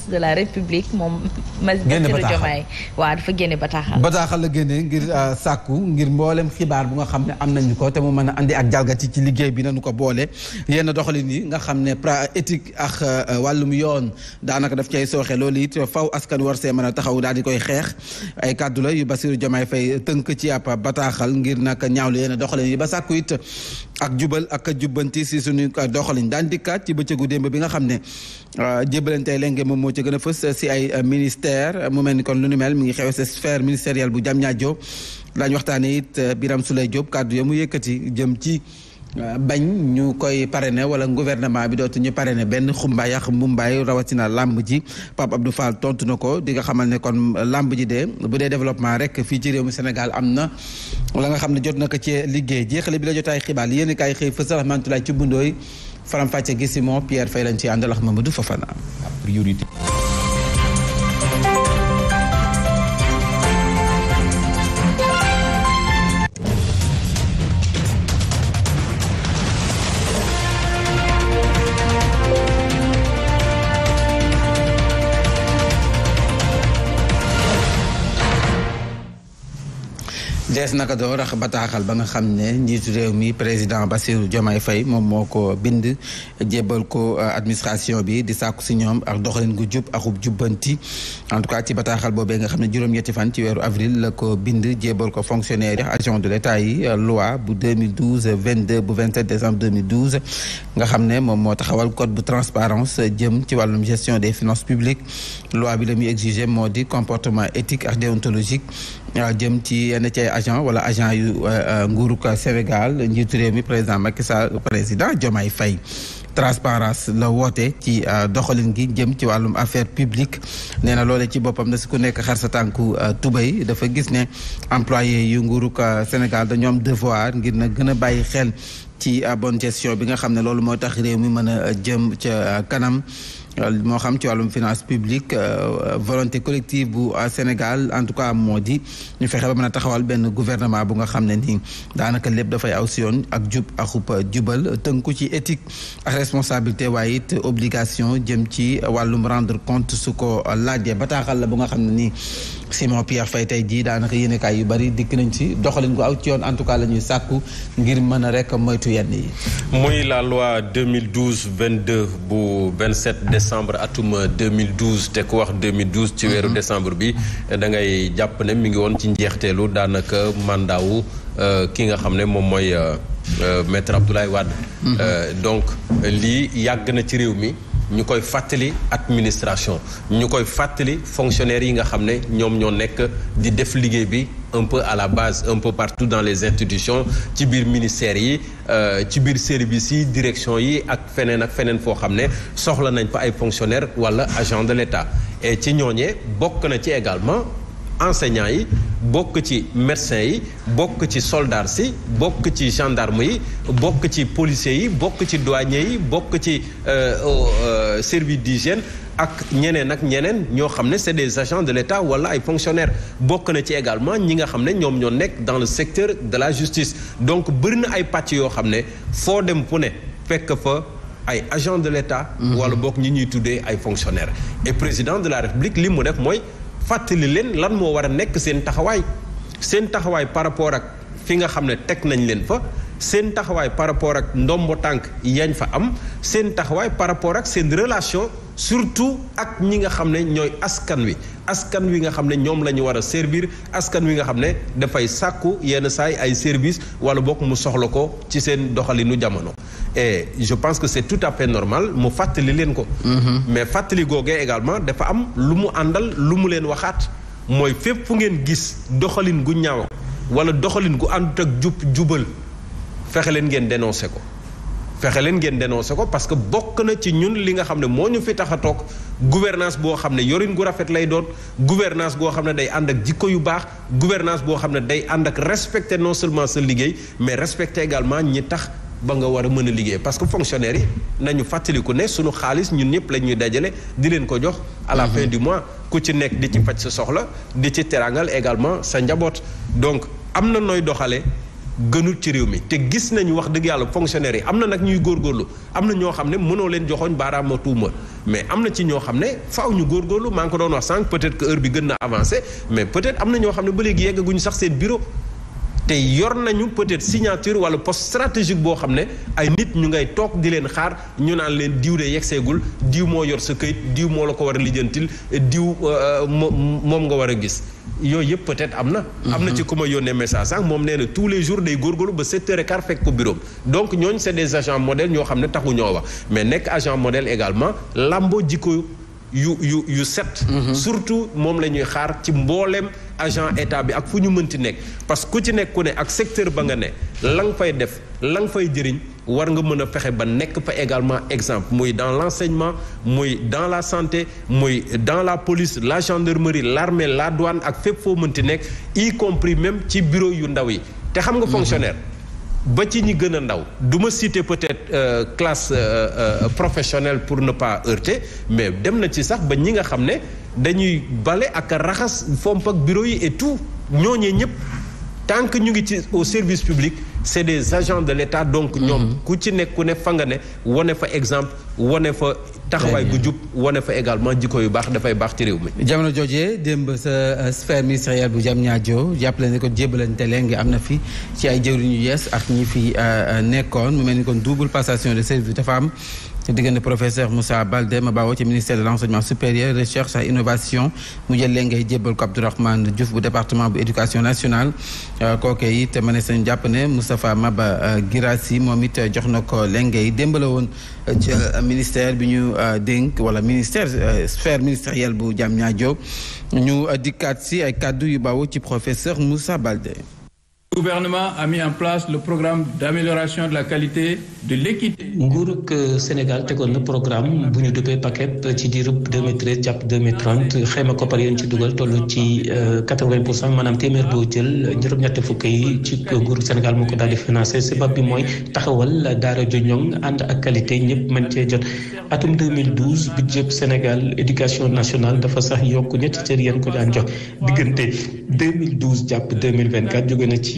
moom mas Bassirou Diomaye waaw dafa génne bataaxal bataaxal la ngir euh, sàkku ngir mboolem xibaar bu nga xam ne am nañu ko te mu mën a andi ak jalgati ci liggéey bi nañu ko boole yenn doxalin yi nga xam ne pra éthique ak euh, wàllum yoon daanaka daf cay sooxe loolu it faw askan war see mën a taxaw daal di koy xeex ay kàddu la ba Bassirou Diomaye fay tënk ci ab bataaxal ngir nag ñaawlu yenn doxalin yi ba sàkku it ak jubal ak jubbanti si suñu euh, doxalin daan dikkaat ci bëccëgu démb bi nga xam ne euh, jébalante lenge moom moo ci gën a fës euh, si ay ministère mu mel ni kon lu nu mel mi ngi xew si sphère ministérielle bu Diamniadio daañu waxtaane it Birame Souleye Diop kàddu ya mu yëkkati jëm ci bañ ñu koy parrainé wala gouvernement bi dootu ñu parrainé benn xumbaay ak mbumbaay rawatina làmb ji Pape Abdou faal tontu na ko di nga xamal ne kon làmb ji de bu dee développement rek fii ci réew mi Sénégal am na la nga xam ne jot na ko ci liggéey jeexale bi la jotaay xibaar yéen i kaay xëy fësal Mantulaay ci bundooy faram-fàcce gi Simon Pierre Faye lañ ci àndal ak Mamadou du priorité dees naka doo rax bataaxal ba nga xam ne njiitu réew mi président ba Bassirou Diomaye fay moom moo ko bind jébbal ko euh, administration bi di sàkku si ñoom ak doxalin gu jub akub jubbanti en tout cas ci bataaxal boobee nga xam ne juróom-ñetti fan ci weeru avril la ko bind jébbal ko fonctionnaire yi agent de l'état yi euh, loi bu 2012 22 bu 27 décembre 2012 nga xam ne moom moo taxawal code bu transparence jëm ci wàllum gestion des finances publiques loi bi la muy exiger moo di comportement éthique ak déontologique jëm ci yenn ci ay agent wala agent yu euh, euh, nguuruk Sénégal njiitu réew mi président Macky Sall président Diomaye Faye transparence la woote ci euh, doxalin gi jëm ci wàllum affaire publique nee na loole ci boppam na si ku nekk xar sa tànku tubéy dafa gis ne employé yu nguuruk Sénégal dañoo am devoir ngir na gën a bàyyi xel ci bonne gestion bi nga xam ne loolu mooy tax réew mi mën a jëm ca kanam Euh, moo xam ci wàllum finance publique euh, euh, volonté collective bu Sénégal en tout cas moo di ñu fexe ba mën a taxawal benn gouvernement bu nga xam ne nii daanaka lépp dafay aw si yoon ak jub axub jubal ko ci éthique ak responsabilité waaye it obligation jëm ci wàllum rendre compte su ko laajee bataaxal la bu nga xam ne nii Simon Pierre fay tey jii daanaka yéenekaay yu bari dikk nañ ci doxalin ko aw ci yoon en tout cas la ñuy sàkku ngir mën a rek moytu yenn yi. muy la loi 2012 22 bu 27 décembre atum 2012 te ku wax 2012 ci weeru mhm. décembre bi da ngay jàpp ne mi ngi woon ci njeexteelu daanaka mandat wu euh, ki nga xam ne moom mooy euh, euh, maître Abdoulaye Wade. Mhm. donc lii yàgg na ci réew mi. ñu koy fàttali administration ñu koy fàttali fonctionnaires yi nga xam ne ñoom ñoo nekk di def liggéey bi un peu à la base un peu partout dans les institutions ci biir ministères yi euh, ci biir services yi direction yi ak feneen ak feneen foo xam ne soxla nañ fa ay fonctionnaires walla agent de l'État et ci ñooñee bokk na ci également enseignants yi bokk ci médecins yi bokk ci soldats bokk ci gendarme yi bokk ci policiers yi bokk ci douaniers yi bokk ci euh, euh, service d'hygiène ak ñeneen ak ñeneen ñoo xam ne c'est des agents de l'État wala ay fonctionnaires bokk na ci également ñi nga xam ne ñoom ñoo nekk dans le secteur de la justice donc bëri na ay pàcc yoo xam ne foo dem fu ne fekk fa ay agents de l'État mm-hmm. wala bokk ñi ñuy tuddee ay fonctionnaires et président de la République li mu def mooy fàttali leen lan moo war a nekk seen taxawaay seen taxawaay par rapport ak fi nga xam ne teg nañ leen fa seen taxawaay par rapport ak ndombo tànk yañ fa am seen taxawaay par rapport ak seen relation surtout ak ñi nga xam ne ñooy askan wi askan wi nga xam ne ñoom la ñu war a servir askan wi nga xam ne dafay sàkku yenn saay ay service wala bokk mu soxla ko ci seen doxalinu jamono et je pense que c'est tout à fait normal mu fàttali leen ko mhm. mais fàttali googee également dafa am lu mu àndal lu mu leen waxaat mooy fépp fu ngeen gis doxalin gu ñaaw wala doxalin gu àndut ak jubal fexe leen ngeen dénoncé ko fexe leen ngeen dénoncé ko parce que bokk na ci ñun li nga xam ne moo ñu fi tax a toog gouvernance boo xam ne yorin gu rafet lay doon gouvernance boo xam ne day ànd ak jikko yu baax gouvernance boo xam ne day ànd ak respecter non seulement sa liggéey mais respecter également ñi tax ba nga war a mën a liggéey parce que fonctionnaire yi nañu fàttaliku ne suñu xaalis ñun ñëpp la ñuy dajale di leen ko jox à la mhm. fin du mois ku ci nekk di ci faj sa soxla di ci terangal également sa njaboot donc am na nooy doxalee gënul ci réew mi te gis nañu wax dëgg yàlla fonctionnaire yi am na nag ñuy góorgóorlu am na ñoo xam ne mënoo leen joxoñ baaraama tuuma mais am na ci ñoo xam ne faw ñu góorgóorlu maa ngi ko doon wax sànq peut-être que heure bi gën na avancé mais peut-être am na ñoo xam ne ba léegi yeggaguñu sax seen bureau te yor nañu peut-être signature wala poste stratégique boo xam ne ay nit ñu ngay toog di leen xaar ñu naan leen diw de yegseegul diw moo yor sa këyit diw moo la ko war a lijjantil diw euh, euh, moom nga war a gis yooyu yëpp peut-être am na mm-hmm. am na ci ku ma yónnee message sax moom nee na tous les jours day góorgóorlu ba sept heures et quart fekk ko bureau donc ñooñ c'est des agents modèles ñoo xam ne taxu ñoo wax mais nekk agent modèle également làmboo jikko yu yu yu set mm-hmm. surtout moom la ñuy xaar ci mbooleem agent état bi ak fu ñu mënti nekk parce que ku ci nekk ne ak secteur ba nga ne la nga fay def la nga fay jëriñ war nga mën a fexe ba nekk fa également exemple muy dans l'enseignement muy dans la santé muy dans la police la gendarmerie l'armée la douane ak fépp foo mënti nekk y compris même ci bureau yu ndaw yi te xam nga mhm. fonctionnaire ba ci ñi gën a ndaw duma ma citer peut-être euh, classe euh, euh, euh, professionnelle pour ne pas heurter mais dem na ci sax ba ñi nga xam ne dañuy bale ak raxas fomp ak bureau yi et tout ñooñee ñëpp tant que ñu ngi ci au service public c'est des mm-hmm. agents de l'État donc ñoom mm-hmm. ku ci nekku ku ne fa nga ne wane fa exemple wane fa taxawaay bu jub wane fa également jikko yu baax dafay baax ci réew mi jamono joojee démb sa euh, sphère ministérielle bu jam ñaar ñaajo jàppale ne ko jébalante léegi am na fi ci ay jëwriñ yu yees ak ñi fi euh, euh, nekkoon mu mel ni kon double passation de service dafa am diggante professeur Moussa Baldé Mabawo ci ministère de l' enseignement supérieur recherche et innovation mu jël léegi ngay jébbal ko Abdourahmane Diouf bu département bu éducation nationale euh, kooke te ma ne sañ jàpp ne Moustapha Maba euh, Girassi moom it euh, jox na ko léegi ngay démbala woon ministère bi ñu dénk wala ministère sphère ministérielle bu Diamniadio ñu dikkaat si ay kàddu yu bawoo ci professeur Moussa Baldé Le gouvernement a mis en place le programme d'amélioration de la qualité de l'équité. nguurug Sénégal tegoon na programme bu ñu duppee paquet ci diirub 2013 jàpp 2030 xayma koppar yoon ci dugal toll ci 80 euh, pour cent maanaam téeméer boo jël juróom ñetti fukk yi ci nguurug Sénégal moo ko daal di financé sabab bi mooy taxawal daara ju ñoŋ ànd ak qualité ñëpp man cee jot. atum 2012 budget Sénégal éducation national dafa sax yokk ñetti cër yéen ko daan jox diggante 2012 jàpp 2024 jóge na ci.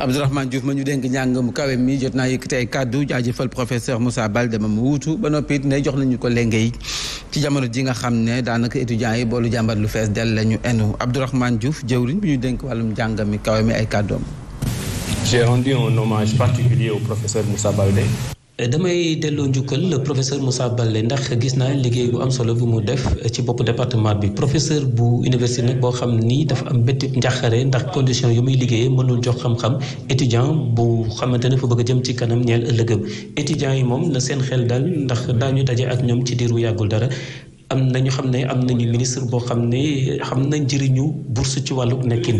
Abdourahmane Diouf ma ñu dénk njàng mu kawe mi jot naa yëkkati ay kàddu jaajëfal professeur Moussa Baldé ma mu wuutu ba noppi nay ne jox nañu ko lenge yi ci jamono ji nga xam ne daanaka étudiants yi boolu jàmbat lu fees dell la ñu enu Abdourahmane Diouf jëwriñ bi ñu dénk wàllum njàng mi kawe mi ay kàddoom. J'ai rendu un hommage particulier au professeur Moussa Baldé. damay delloo njukkal le professeur Moussa Baldé ndax gis naa liggéey bu am solo bu mu def ci bopp département bi professeur bu université nag boo xam ni dafa am bëttib njàqare ndax condition yu muy liggéeyee mënul jox xam-xam étudiant bu xamante ne fa bëgg a jëm ci kanam ñeel ëllëgëm étudiant yi moom na seen xel dal ndax daañu daje ak ñoom ci diiru yàggul dara am na ñu xam ne am nañu ministre boo xam ne xam na njëriñu bourse ci wàllu nekkin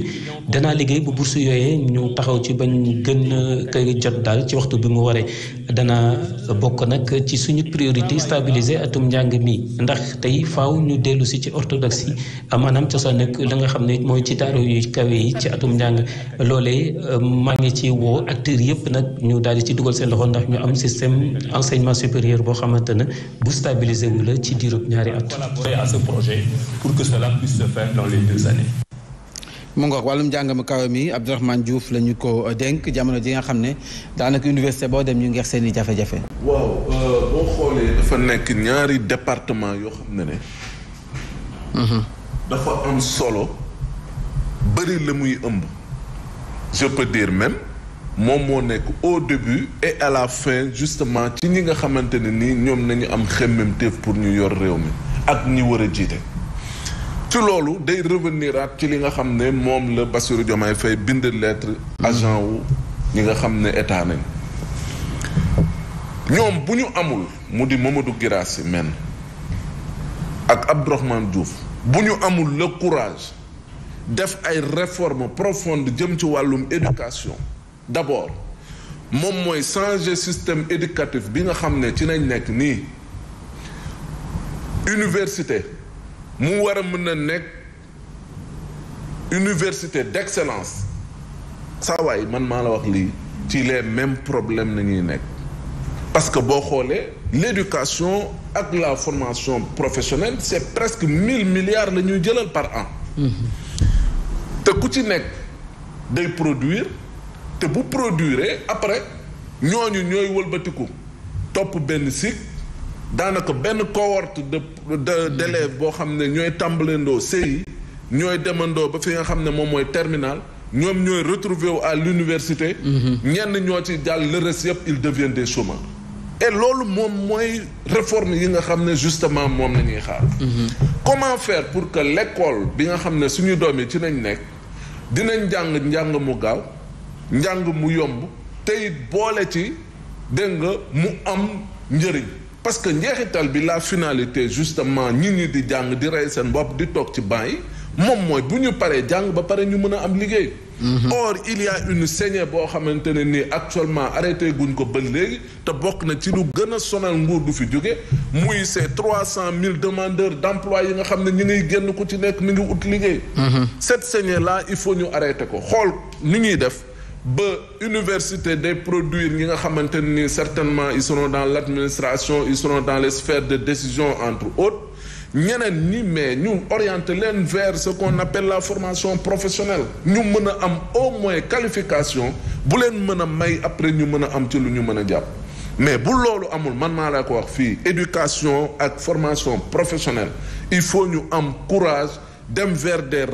danaa liggéey bu bourse yooyee ñu taxaw ci bañ gën koy jot daal ci waxtu bi mu waree dana bokk nag ci suñu priorité stabiliser atum njàng mi ndax tey faw ñu dellu si ci am maanaam cosaan nag la nga xam ne mooy ci daara yu kawe yi ci atum njàng loolee euh, maa ngi ci woo acteurs yëpp nag ñu daal di ci dugal seen loxo ndax ñu am système enseignement supérieur boo xamante ne bu wu la ci diirub de à projet pour que cela puisse se faire dans les deux années. mu ngoog wàllum jàngam kaw mi Abdourahmane Diouf la ñu ko dénk jamono ji nga xam ne daanaka université boo dem ñu ngeex seeni i jafe-jafe. waaw euh, boo xoolee dafa nekk ñaari département yoo xam ne ne. Mhm. dafa am solo bëri la muy ëmb. je peux dire même moom moo nekk au début et à la fin justement ci ñi nga xamante ne nii ñoom nañu am xemmemteef pour ñu yor réew mi. ak ñi war a jiite ci loolu day revenir at ci li nga xam ne moom la Bassirou Diomaye Faye bind lettre agent wu ñi nga xam ne état nañ ñoom bu ñu amul mu di Mamadou Guirassy men ak Abdourahmane Diouf bu ñu amul le courage def ay réformes profondes jëm ci wàllum éducation d'abord moom mooy changer système éducatif bi nga xam ne ci nañ nekk nii université mu war a mën na nekk université d'excellence saa waay man maa la wax lii ci les mêmes problème nañuy nekk parce que boo xoolee l'éducation ak la formation professionnelle c'est presque mille milliards la ñuy jëlal par an mm-hmm. te ku ci nekk day produire te bu produire après ñooñu ñooy wëlbatiku topp benn cycle daanaka benn cohorte de de boo xam ne ñooy tàmbalandoo CI ñooy demandoo ba fi nga xam ne moom mooy terminal ñoom ñooy retrouver wu à l'université mm-hmm. ñenn ñoo ci jàll le reste yëpp ils deviennent des chômeurs loolu moom mooy réforme yi nga xam ne justement moom la ñuy xaar mm-hmm. comment faire pour que l'école bi nga xam ne suñu doom yi ci nañ nekk dinañ jàng njàng mu gaaw njàng mu yomb te boole ci dégg nga mu am njëriñ parce que njeexital bi la finalité justement ñi ñi di jàng di rey seen bopp di toog ci banc yi moom mooy bu ñu paree jàng ba pare ñu mën a am liggéey. Mhm. or il y a une saignée boo xamante ne nii actuellement arrêté guñ ko ba léegi te bokk na ci lu gën a sonal nguur du fi jóge muy ces trois cent mille demandeurs d' emploi yi nga xam ne ñu ngi génn ku ci nekk mi ngi ut liggéey. Mhm. cette saignée la il faut ñu arrêté ko xool ni ñuy def. ba université day produire ñi nga xamante ni certainement ils seront dans l' administration ils seront dans les sphères de décision entre autres ñeneen ñi mais ñu orienté leen vers ce qu'on appelle la formation professionnelle ñu mën a am au moins qualification bu leen mën a may après ñu mën a am ci lu ñu mën a jàpp mais bu loolu amul man maa laa ko wax fii éducation ak formation professionnel il faut ñu am courage dem vers des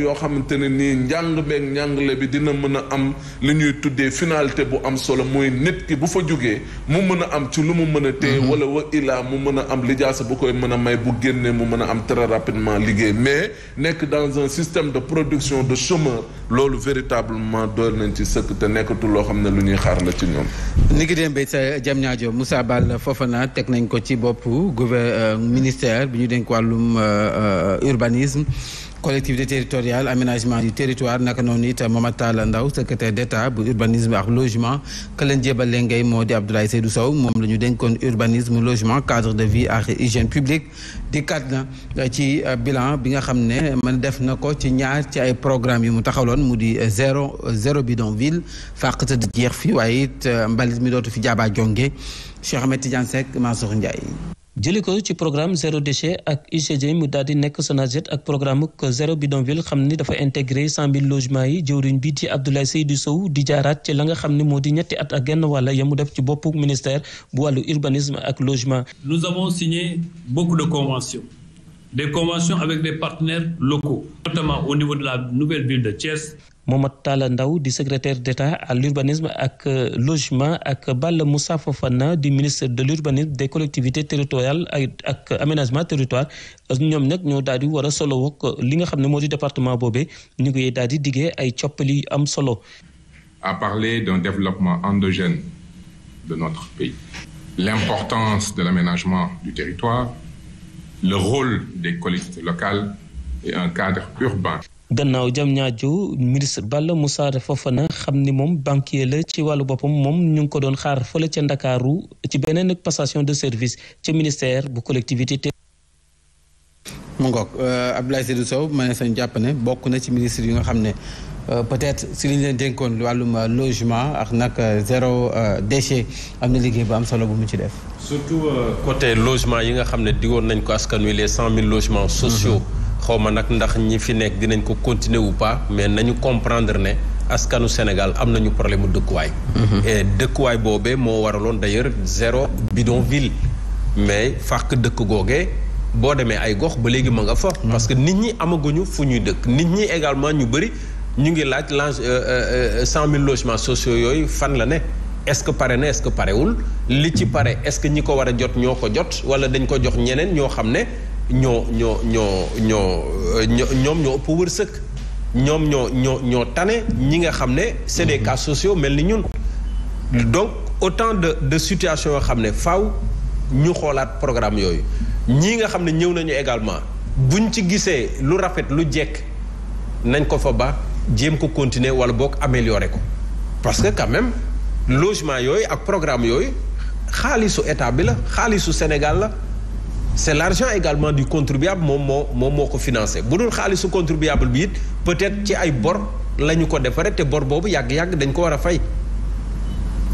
yoo xamante ne nii njàng meeg njàngale bi dina mën a am li ñuy tuddee finalité bu am solo muy nit ki bu fa jógee mu mën a am ci lu mu mën a téye mhm. wala wa ilaa mu mën a am lijaasa bu koy mën a may bu génnee mu mën a am très rapidement liggéey mais nekk dans un système de production de chômeur loolu véritablement dool nañ ci sëkk te nekkatul loo xam ne lu ñuy xaar la ci ñoom ni ki démb sa jam ñaajo Moussa Bal Fofana teg nañ ko ci bopp gouvernement euh, ministère bi ñu dénk wàllum euh, euh, urbanisme collectivité territoriale aménagement du territoire naka noonu it Mamadou Talla Ndaw secrétaire d'État bu urbanisme ak logement ka leen ngay moo di Abdoulaye Seydou saw moom la ñu dénkoon urbanisme logement cadre de vie ak hygiène publique dikkaat na ci bilan bi nga xam ne man def na ko ci ñaar ci ay programme yu mu taxawloon mu di zéro zéro bidonville fàq tëdd jeex fi waaye it mbali mi dootu fi jaabaa jonge Cheikh Ahmed Tidiane Seck Mansour Ndiaye jëlee ko ci programme zéro déchet ak UCG mu daal di nekk SONAGED ak programme zéro bidonville xam ni dafa intégré cent mille logements yi jëwriñ bi ci Abdoulaye di Sow di jaaraat ci la nga xam ne moo di ñetti at ak genn wàll ya mu def ci boppu ministère bu wàllu urbanisme ak logement. nous avons signé beaucoup de conventions des conventions avec des partenaires locaux notamment au niveau de la nouvelle ville de Thiès. Momadou Talla Ndaw di secrétaire d'État à l'urbanisme ak logement ak Balla Moussa Fofana di ministre de l'urbanisme de collectivité territoriales ak aménagement territoire ñoom nag ñoo daal di war a solo li nga xam ne moo di département boobe ñu ngi daal di diggee ay coppali am solo. à parler d'un développement endogène de notre pays. l'importance de l'aménagement du territoire, le rôle des collectivités locales et un cadre urbain. gannaaw jam ñaaju ministre Balla Moussa Fofana xam ni moom banquier la ci wàllu boppam moom ñu ngi ko doon xaar fële ca Ndakaaru ci beneen passation de service ca ministère bu collectivité te mu ngoog euh, ab Seydou Sow ma ne sañ jàpp ne bokk na ci ministre yi nga xam ne euh, peut-être si li ñu leen dénkoon wàllum euh, logement ak nag zéro déchet am na liggéey bu am solo bu mu ci def surtout côté logement yi nga xam ne di digoon nañ ko askan wi les cent mille logements sociaux mm-hmm. xaw ma nag ndax ñi fi nekk dinañ ko continuer wu pa mais nañu comprendre ne askanu Sénégal am nañu problème mu dëkkuwaay. Mhm. dëkkuwaay boobee moo waraloon d'ailleurs zéro bidonville. mais fàq dëkk googee boo demee ay gox ba léegi ma nga fa. Mhm. parce que nit ñi amaguñu fu ñuy dëkk nit ñi également ñu bëri ñu ngi laaj lange euh, euh, euh, cent mille logements sociaux yooyu fan la ne. est-ce que pare na est parewul li ci pare est-ce que ñi ko war a jot ñoo ko jot wala dañ ko jox ñeneen ñoo xam ne. ñoo ñoo ñoo ñoo ñoom ñoo ëpp ñoom ñoo ñoo ñoo tane ñi nga xam ne c'est des cas sociaux mel ni ñun donc autant de de situations yoo xam ne faw ñu xoolaat programme yooyu ñii nga xam ne ñëw nañu également buñ ci gisee lu rafet lu jekk nañ ko fa ba jéem ko continuer wala boog améliorer ko parce que quand même logement yooyu ak programme yooyu xaalisu état bi la xaalisu Sénégal la c' est l' argent également du contribuable moom moo moom moo ko financé bu dul xaalisu contribuable bi it peut-être ci ay bor la ñu ko defaree te bor boobu yàgg-yàgg dañ ko war a fay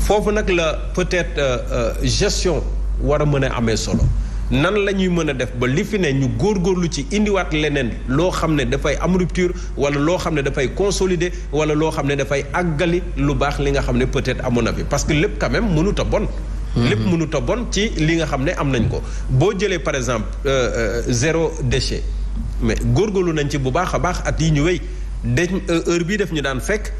foofu nag la peut-être euh, euh, gestion war a mën a amee solo nan la ñuy mën a def ba li fi ne ñu góorgóorlu ci indiwaat leneen loo xam ne dafay am rupture wala loo xam ne dafay consolider wala loo xam ne dafay àggali lu baax li nga xam ne peut-être amoon na fi parce que lépp quand même mënut a bon Mm-hmm. lépp mënut bon ci li nga xam ne am nañ ko boo jëlee par exemple euh, euh, zéro déchet mais góorgóorlu nañ ci bu baax a baax at yi ñu wéy dañ euh, heure bii def ñu daan fekk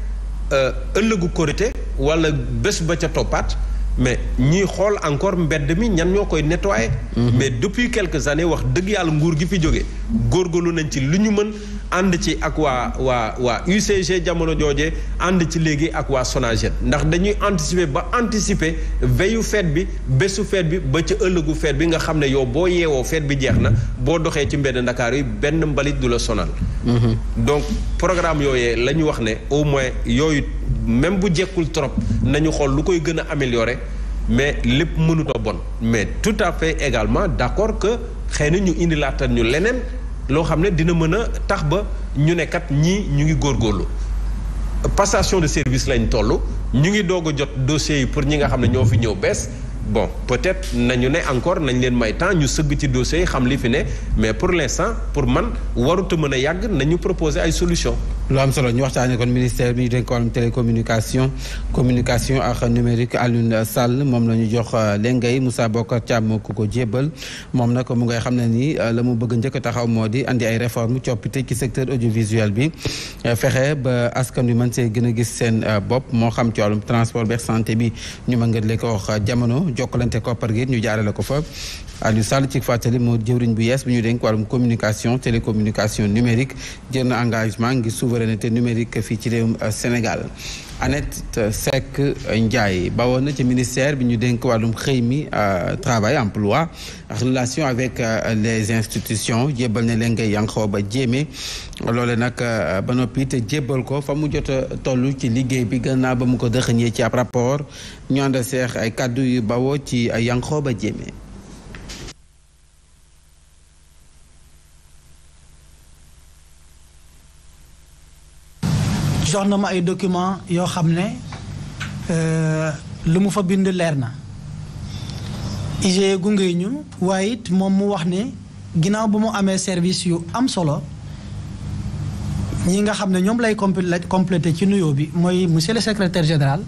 ëllëgu korité wala bés ba ca toppaat mais ñuy xool encore mbedd mi ñan ñoo koy nettoyer mm-hmm. mais depuis quelques années wax dëgg yàlla nguur gi fi jógee góorgóorlu nañ ci lu ñu mën ànd ci ak waa waa waa UCG jamono joojee ànd ci léegi ak waa Sonaged ndax dañuy anticiper ba anticiper veyu feet bi bésu feet bi ba ci ëllëgu feet bi nga xam ne yow boo yeewoo feet bi jeex na boo doxee ci mbenn Ndakaar yi benn mbalit du la sonal mhm. donc programme yooye la ñu wax ne au moins yooyu même bu jekkul trop nañu xool lu koy gën a améliorer mais lépp mënut a bon mais tout à fait également d'accord que xëy na ñu indilaatan ñu leneen loo xam ne dina mën a tax ba ñu ne kat ñii ñu ngi góor góorlu passation de service lañ toll ñu ngi doog a jot dossiers yi pour ñi nga xam ne ñoo fi ñëw bees bon peut-être nañu ne encore nañ leen may temps ñu sëgg ci dossiers yi xam li fi ne mais pour l'instant pour man waruta mën a yàgg nañu proposer ay solution lu am solo ñu waxtaanee kon ministère bi ñu dénk ko wàllum télécommunication communication ak numérique Alioune Sall moom la ñu jox euh, léngay Moussa Bokar Thiam ku ko jébbal moom nag mu ngay xam ne nii euh, la mu bëgg njëkk taxaw moo di andi ay réformes coppite ci secteur audiovisuel bi euh, fexe ba askan wi mën see gën a gis seen bopp moo xam ci wàllum transport beeg santé bi ñu mën nga leen ko wax jamono. wàllum jokkalante koppar gi ñu jaarale ko fa Aliou Sall ci fàttali moo jëwriñ bu yees bi ñu dénk wàllum communication télécommunication numérique jël na engagement ngir souveraineté numérique fii ci réewum euh, Sénégal Annette Seck Ndiaye bawoon na ci ministère bi ñu dénk wàllum xëy mi euh, travail emploi relation avec euh, les institutions jébbal ne leen ngay yanqoo ba jéeme loole nag euh, ba noppi te jébbal ko fa mu jot a toll ci liggéey bi gannaaw ba mu ko dëxëñee ci ab rapport ñu ànd seex ay kàddu yu bawoo ci yanqoo ba jéeme jox na ma ay document yoo xam ne euh, lu mu fa bind leer na IGE gunge ñu waaye it moom mu wax ne ginnaaw bu mu amee service yu am solo ñi nga xam ne ñoom lay complété ci nuyoo bi mooy monsieur le secrétaire général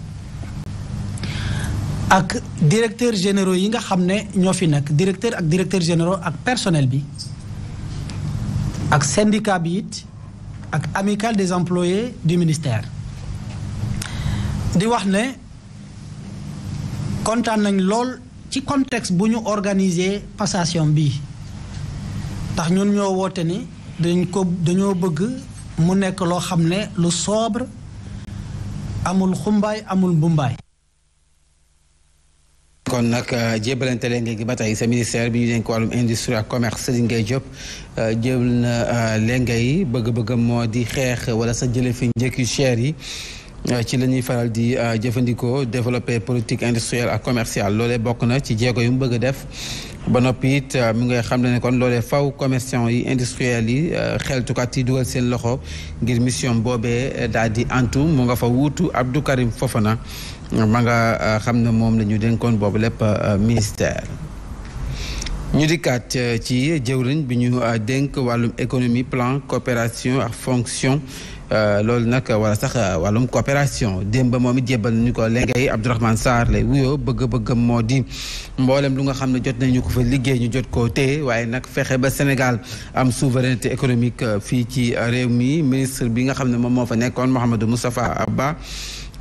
ak directeur généraux yi nga xam ne ñoo fi nekk directeur ak directeur généraux ak personnel bi ak syndicat bi it ak amicale des employés du ministère di wax ne kontaan nañ lool ci contexte bu ñu organiser passation bi ndax ñun ñoo woote ni dañ ko dañoo bëgg mu nekk loo xam ne lu sobre amul xumbaay amul mbumbaay kon nag euh, jébalante lenge gi ba tey sa ministère bi ñu dénk wàllum industrie ak commerce Serigne Gueye Diop euh, jébal na euh, lenge yi bëgg-bëggam moo di xeex wala sa jële fi njëkk yu cher yi ci la ñuy faral di jëfandikoo développer politique industrielle ak commerciale loole bokk na ci jéego yu mu bëgg a def ba noppi it mi nga xam ne kon loole faw commerçant yi industriels yi xeltukat yi dugal seen loxo ngir mission boobee daal di antu mu nga fa wuutu Abdou Karim Fofana ma nga euh, xam na moom la ñu dénkoon boobu lépp euh, ministère. ñu dikkaat euh, ci jëwriñ bi ñu dénk wàllum économie plan coopération ak fonction loolu nag wala sax wàllum coopération démb moom it jébbal nañu ko léegi Abdourahmane Sarr lay wuyoo bëgg-bëggam moo di mboolem lu nga xam ne jot nañu ko fa liggéey ñu jot koo téye waaye nag fexe ba Sénégal am souveraineté économique fii ci réew mi ministre bi nga xam ne moom moo fa nekkoon Mouhamadou Moustapha Abba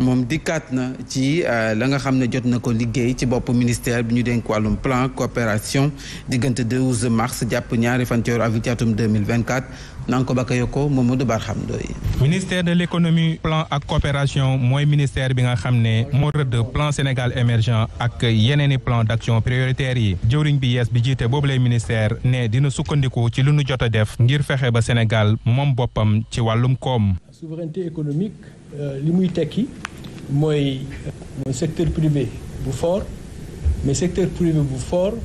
moom dikkaat na ci euh, la nga xam ne jot na ko liggéey ci bopp ministère bi ñu denk wàllum plan coopération diggante 12 mars jàpp ñaari fan ci weeru avril ci atum 2024 nanga ko Bakayoko Mamadou xam Ndoye ministère de l' économie plan ak coopération mooy ministère bi nga xam ne moo rëdd plan Sénégal émergent ak yeneeni plan d' action prioritaires yi jëwriñ bi yees bi jiite boobu lay ministère ne dina sukkandiku ci lu nu jot a def ngir fexe ba Sénégal moom boppam ci wàllum koom Euh, li muy tekki mooy mooy secteur privé bu foor mais secteur privé bu fort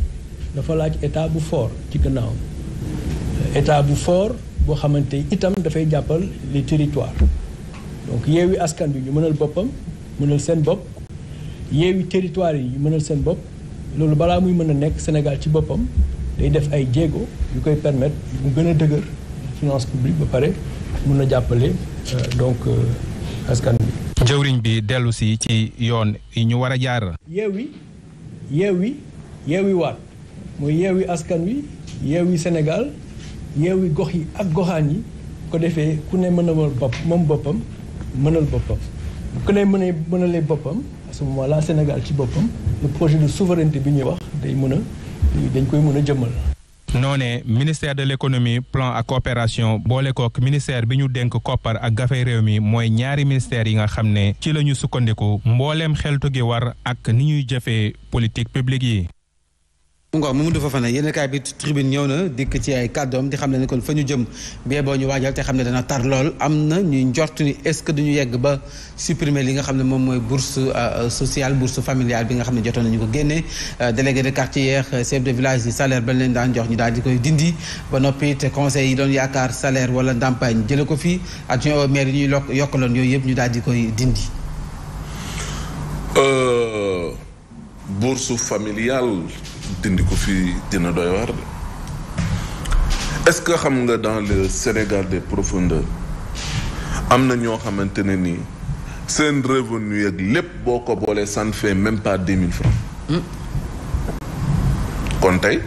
dafa laaj état bu fort ci gannaaw euh, état bu foor boo xamante itam dafay jàppal les territoires donc yeewi askan bi ñu mënal boppam mënal seen bopp yeewi territoire yi ñu mënal seen bopp loolu balaa muy mën a nekk Sénégal ci boppam day def ay jéego yu koy permettre mu gën a dëgër finance publique ba pare mun a jàppale euh, donc. askan bi. jëwriñ bi dellu si ci yoon yi ñu war a jaar. yeewi yeewi yi waat mooy yi askan wi yeewi Sénégal yi gox yi ak goxaan yi ko defee ku ne mënal bopp moom boppam mënal boppam ku ne mënee mënalee boppam à ce moment là Sénégal ci boppam le projet de souveraineté bi ñuy wax day mën a dañ koy mën a jëmmal. noonee ministère de l'économie plan ak coopération boole kook ministère bi ñu dénk koppar ak gafay réew mi mooy ñaari ministères yi nga xam ne ci la ñu sukkandiku mbooleem xeltu gi war ak ni ñuy jëfee politique publique yi mu ngoog Mamadou Fofana yéen kaay bi tribune ñëw na dikk ci ay kàddoom di xam ne kon fa ñu jëm bee boo ñu waajal te xam ne dana tar lool am na ñuy njort ni est-ce que duñu yegg ba supprimer li nga xam ne moom mooy bourse euh, euh, sociale bourse familiale bi nga xam ne jotoon nañu ko génne euh, délégué de quartier yeex chef de village yi salaire ba leen daan jox ñu daal di koy dindi ba noppi te conseil yi doon yaakaar salaire wala ndàmpaay jële ko fii adjoint au maire ñuy lokk yokkaloon yooyu yëpp ñu daal koy dindi bourse familiale dindi ko fi dina dooy war de est-ce que xam nga dans le Sénégal des profondeurs am na ñoo xamante ne nii seen revenu yeeg lépp boo ko boolee ça ne fait même pas dix mille francs kon tey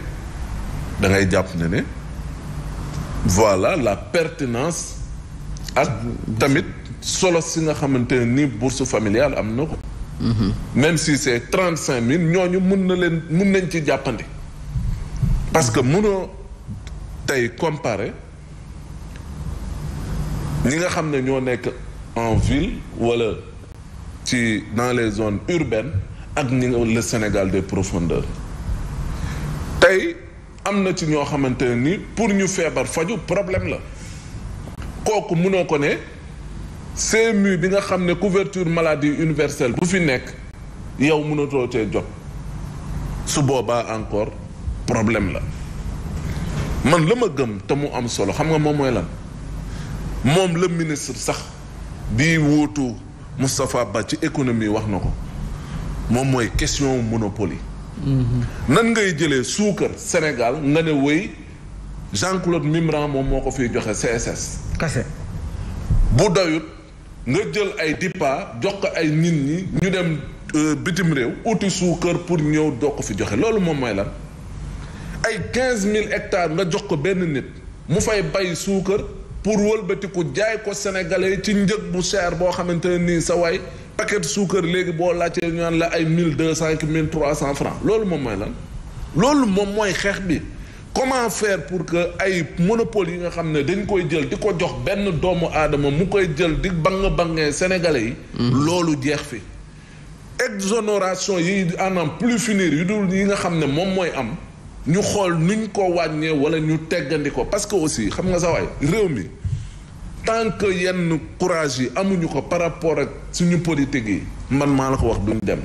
dangay jàpp ne ne voilà la pertinence ak tamit solo si nga xamante ne nii bourse familiale am na ko même si c'est trente cinq mille ñu mun na leen mun nañ ci jàppandi parce que mënoo tey comparer ñi nga xam ne ñoo nekk en ville wala ci dans les zones urbaines ak ñi nga le Sénégal des profondeurs tey am na ci ñoo xamante ni pour ñu feebar faju problème la kooku mënoo ko ne CMU bi nga xam ne couverture maladie universelle bu fi nekk yow mënatoo cee jot su boobaa encore problème la man la ma gëm te mu am solo xam nga moom mooy lan moom la ministre sax bi wuutu Moustapha Ba ci économie wax na ko moom mooy question monopole mm-hmm. nan ngay jëlee suukar Sénégal nga ne wéy Jean Claude Mimran moom moo ko fi joxe CSS kase bu doyut nga jël ay dippa jox ko ay nit ñi ñu dem euh, bitim réew uti suukar pour ñëw doo ko fi joxe loolu moom mooy lan ay quinze mille hectares nga jox ko benn nit mu fay bay suukar pour wëlbatiku jaay ko sénégalais ci njëg bu cher boo xamante ne nii sa waay paquet suukar léegi boo laajtee ñu naan la ay mille deux cent mille trois cent francs loolu moom mooy lan loolu moom mooy xeex bi comment faire pour que ay monopole yi nga xam ne dañ koy jël di ko jox benn doomu aadama mu koy jël di bang bangee sénégalais yi mm. loolu jeex fi exonération yi anam plus finir yu dul yi nga xam ne moom mooy am ñu xool nuñ ko wàññee wala ñu teggandi ko parce que aussi xam nga sa waay réew mi tant que yenn courage yi amuñu ko par rapport ak suñu politique yi man maa la ko wax duñ dem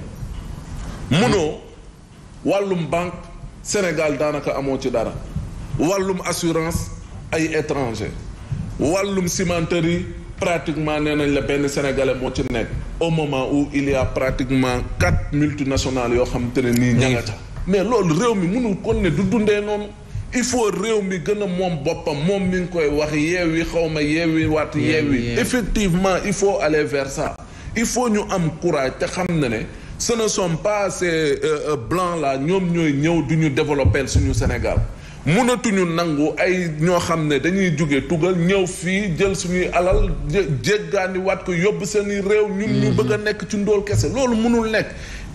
munoo mm. wàllum banque Sénégal daanaka amoo ci dara wàllum assurance ay étranger wàllum cimenterie pratiquement nee nañ la benn sénégalais moo ci nekk au moment où il pratiquement quatre multinationales yoo xam te ne nii ña nga ca mais loolu réew mi mënul kon ne du dundee noonu il faut réew mi gën a moom boppam moom mi ngi koy wax yeewi xaw ma yeewi waat yeewi effectivement il faut aller versa il faut ñu am courage te xam na ne ce ne sont pas ces euh, euh, la ñoom ñooy ñëw du ñu développer suñu Sénégal munatuñu nangu ay ñoo xam ne dañuy jóge tugal ñëw fii jël suñuy alal jéggaani waat ko yóbbu seeni réew ñun ñu bëgg a mm-hmm. nekk ci ndool kese loolu mënul nekk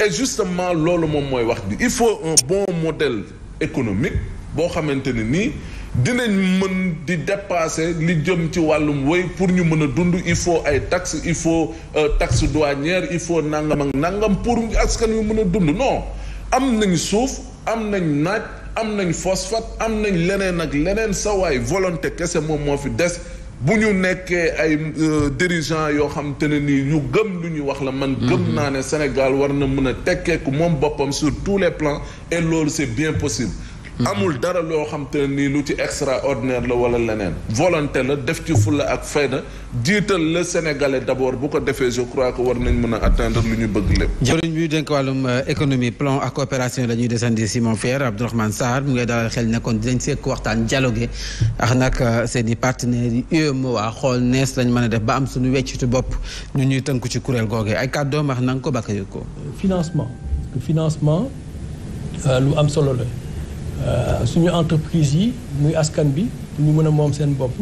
et justement loolu moom mooy wax bi il faut un bon modèle économique boo xamante ne nii dinañ mën di dépasser li jëm ci wàllum woy pour ñu mën a dund il faut ay taxes il faut euh, taxe douanière il faut nangam ak nangam pour askan wi mën a dund noo am nañ suuf am nañ naaj am nañ phosphate am nañ leneen ak leneen sawaay volonté kese moom moo fi des bu ñu nekkee ay euh, dirigeant yoo xam te ne nii ñu gëm lu ñuy wax la man gëm mm-hmm. naa ne Sénégal war na mën a tekkeeku moom boppam sur tous les plans et loolu c'est bien possible amul dara loo xam te nii lu ci extraordinaire la wala leneen volonté la def ci fulla ak fayda jiital le sénégalais d'abord bu ko defee je crois que war nañ mën a atteindre lu ñu bëgg lépp jëriñ bi dénk wàllum euh, économie plan ak coopération la ñuy desandi Simon Fer Abdourahmane Sarr mu ngay dalal xel nekkoon dinañ sekk waxtaan dialogué ax nag euh, seen i partenaires yi UEMOA xool nees lañ mën a def ba am suñu weccitu bopp ñu ñuy tënku ci kuréel googe ay kàddoom wax na ko bàkk ko financement financement euh, lu am solo la Euh, suñu entreprise yi muy askan bi mu mën a moom seen bopp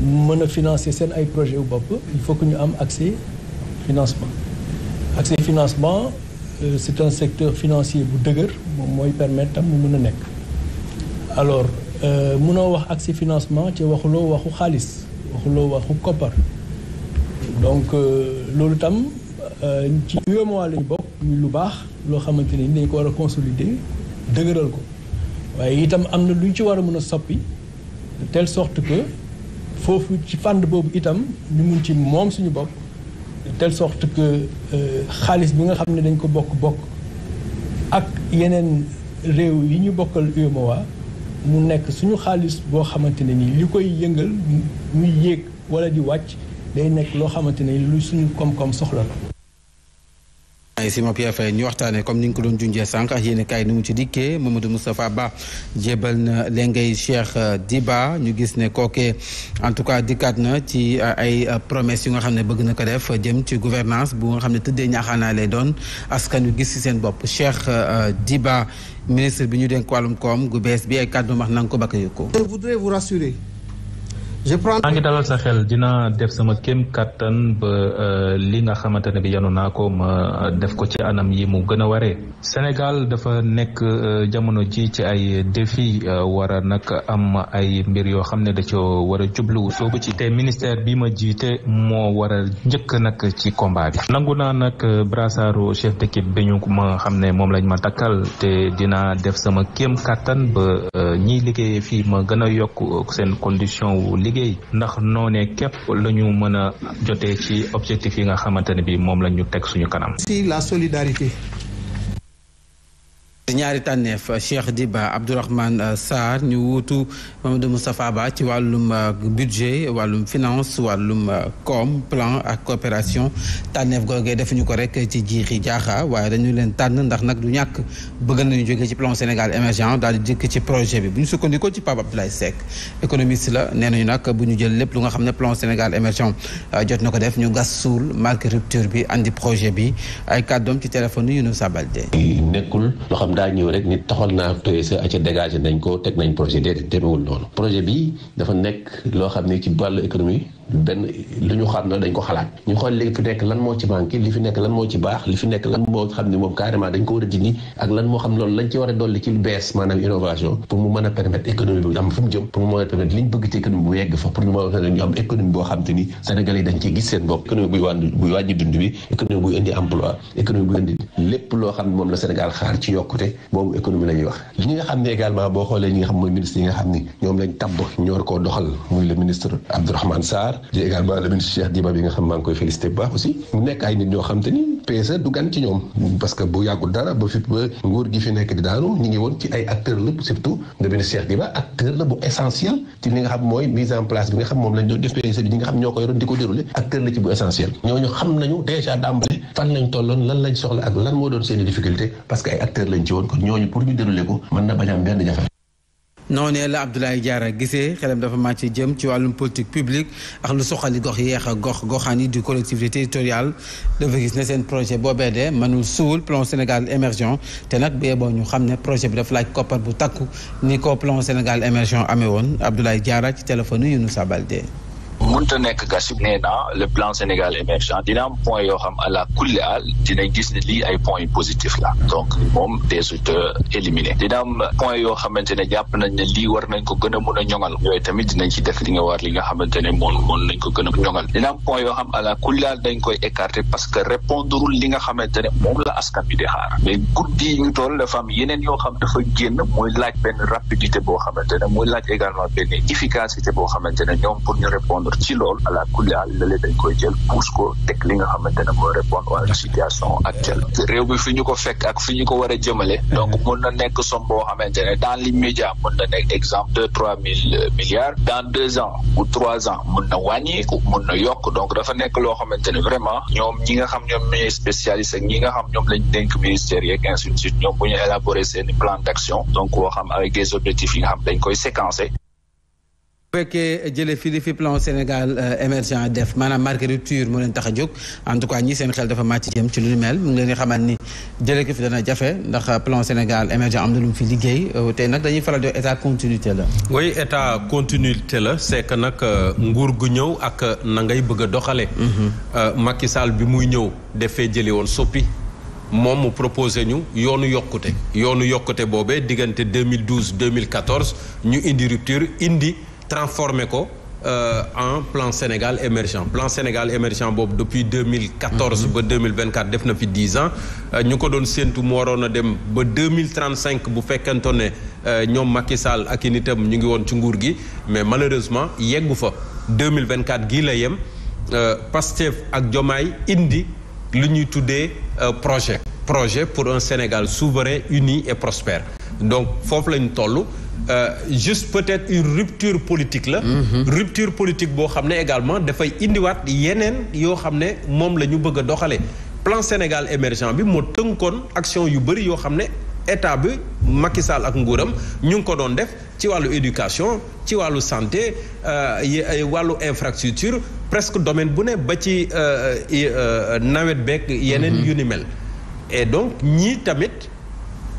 mën a financer seen ay projet wu bopp il faut que ñu am accès financement accès financement euh, c'est un secteur financier bu dëgër moom mooy permettre tam mu mën a nekk alors euh, mënoo wax accès financement ci waxuloo waxu xaalis waxuloo waxu koppar donc loolu tam ci yooyu mois la ñu bokk lu baax loo xamante ni dañ ko war a consolider dëgëral ko waaye itam am na lu ñu ci war a mun a soppi de telle sorte que foofu ci fànn boobu itam ñu mun ci moom suñu bokk de telle sorte que euh, xaalis bi nga xam ne dañ ko bokk-bokk ak yeneen réew yi ñu bokkal UEMOA mu nekk suñu xaalis boo xamante ne nii li koy yëngal muy yéeg wala di wàcc day nekk loo xamante ne suñu koom-koom soxla la ay Simon Pierre Faye ñu waxtaanee comme ni nga ko doon junjee sànq ak yéen kaay ni mu ci dikkee Mamadou Moustapha Ba jébal na lengay Cheikh Diba ñu gis ne kookee en tout cas dikkaat na ci euh, ay euh, promesses yu nga xam ne bëgg na ko def jëm ci gouvernance bu nga xam ne tëddee naa lay doon askan wi gis ci seen bopp Cheikh euh, Diba ministre bi ñu dénk wàllum koom gu bees bi ay kàddu wax na nga ko bakk ko. je prends. maa ngi dalal sa xel dina def sama kéem kattan ba euh, li nga xamante ne bi yanu naa ko ma def ko ci anam yi mu gën a waree. Sénégal dafa nekk euh, jamono ji ci ay défi euh, war a nag am ay mbir yoo xam ne da ci war a jublu soobu ci te ministère bi ma jiite moo war a njëkk nag ci combat bi. nangu naa nag brassaaru chef d'équipe bi ñu ma xam ne moom lañ ma takkal te dinaa def sama kem kattan ba ñiy liggéeye fii ma gën a yokk seen condition wu liggéey liggéey ndax noonee képp la ñu mën a jotee ci objectif yi nga xamante ne bi moom la ñu teg suñu kanam. si la solidarité ñaari tànneef Cheikh Diba Abdourahmane euh, saar ñu wuutu Mamadou Moustapha Ba ci wàllum euh, budget wàllum finance wàllum com euh, plan ak coopération tànneef googee ñu ko rek ci jiixi jaaxa waaye dañu leen tànn ndax nag du ñàkk bëggal nañu jógee ci plan Sénégal émergent daal di jëkk ci projet bi bu ñu sukkandikoo ci Pape Abdoulaye Seck économiste la nee nañu nag bu ñu jël lépp lu nga xam ne plan Sénégal émergent jot na ko def ñu gas suul marque rupture bi indi projet bi ay kàddoom ci téléphone yu ñu daa ñëw rek nit taxal naa PSE aca dégagé nañ ko teg nañ projet de déedéet demewul noonu projet bi dafa nekk loo xam ne ci wàllu économie benn li ñu xam na dañ ko xalaat ñu xool léegi fi nekk lan moo ci manqué fi nekk lan moo ci baax li fi nekk lan moo moom a dindi ak lañ ci a dolli ci am fu mu jëm pour mu mën loo xam ne moom la Sénégal xaar ci yokkute boobu économie la ñuy wax li ñi xoolee ñi nga xam mooy ministre yi nga xam ni ñoom ñoor koo doxal muy le ministre Abdourahmane Sarr Diba di également le ministre Cheikh Diba bi nga xam maa ngi koy félicité bu baax mu nekk ay nit ñoo xam te ni PSE du gan ci ñoom parce que bu yàggul dara ba fi ba nguur gi fi nekk di daanu ñu nga xam mooy mise en place bi nga xam moom lañ doon def e bi ñi nga xam ñoo ko yoroon di ko déroulé acteur la ci bu essentiel ñooñu xam nañu déjà d'emblée fan lañ tolloon lan lañ soxla ak lan moo doon seen difficulté parce que ay acteurs lañ ci woon kon ñooñu noonee la Abdoulaye Diarra gisee xelam dafa màcc jëm ci wàllum politique publique ak lu soxali gox yeex a gox goxaan yi du collectivité territoriale dafa gis ne seen projet boobee de mënul suul plan Sénégal émergent te nag bee boo ñu xam ne projet bi dafa laaj koppar bu takku ni ko plan Sénégal émergent amee woon Abdoulaye Diarra ci téléphone yu nu sabal de mënta nekk gas yi nee naa le plan Sénégal émergent dina point yoo xam à la kulli al ne lii ay points yu positif la donc moom dina am point yoo xamante ne jàpp nañ ne war nañ ko gën a mun a ñoŋal tamit dinañ ci def li nga war li nga xamante ne moom moom nañ ko gën a ñoŋal dina am point yoo xam à la kulli al dañ koy écarter parce que répondrewul li nga xamante ne moom la askan bi xaar mais guddi ñu toll dafa am yeneen yoo xam dafa génn mooy laaj benn rapidité boo xamante ne laaj également benn efficacité boo xamante ñoom pour ñu répondre ci loolu à la kulial lale dañ koy jël pousse ko teg li nga xamante ne mooy répondre à la situation actuelle réew mi fi ñu ko fekk ak fi ñu ko war a jëmale donc mun na nekk somme boo xamante ne dans l'immédiat mun na nekk exemple deux trois mille euh, milliards dans deux ans ou ans mun na wàññeeku mun na yokk donc dafa nekk loo xamante ne vraiment ñoom ñi nga xam ñoom ñooy spécialiste ñi nga xam ñoom lañ dénk ministère yeeg institut ñoom bu ñu élaborer seen plan d'action donc woo xam avec des objectifs dañ koy séquencer fekkee jële fi li fi plan Sénégal euh, émergent def maanaam marqué rupture moo leen tax a jóg en tout cas ñi seen xel dafa màcc jëm ci lu ñu mel mu ngi xamal ni jëlee ko fi dana jafe ndax plan Sénégal émergent am na lu mu fi liggéey euh, tey nag dañuy faral di état continuité la. oui état continuité la c'est que nag euh, nguur gu ñëw ak na ngay bëgg a doxalee. Mhm. Macky Sall bi muy ñëw defee jëlee woon soppi. moom mu proposé ñu yoonu yokkute yoonu yokkute boobee diggante 2012 2014 ñu indi rupture indi transformer ko euh, en plan Sénégal émergent plan Sénégal émergent boobu depuis 2014 mhm. ba 2024 def na fi 10 ans euh, ñu ko doon séentu mu waroon a dem ba 2035 bu fekkantoon ne euh, ñoom Macky Sall ak i nitam ñu ngi woon ci nguur gi mais malheureusement yeggu fa 2024 gii la yem euh, Pastef ak Jomaay indi li ñuy tuddee projet projet pour un Sénégal souverain uni et prospère donc foofu lañu toll Euh, juste peut-être une rupture politique la. Mhm. rupture politique boo xam ne également dafay indiwaat yeneen yoo xam ne moom la ñu bëgg a doxalee. plan Sénégal émergent bi moo tënkoon action yu bëri yoo xam ne état bi Macky Sall ak nguuram ñu ngi ko doon def ci wàllu éducation ci wàllu santé euh, wàllu infrastructure presque domaine bu ne ba ci euh, nawet beeg yeneen mhm. yu ni mel et donc tamit.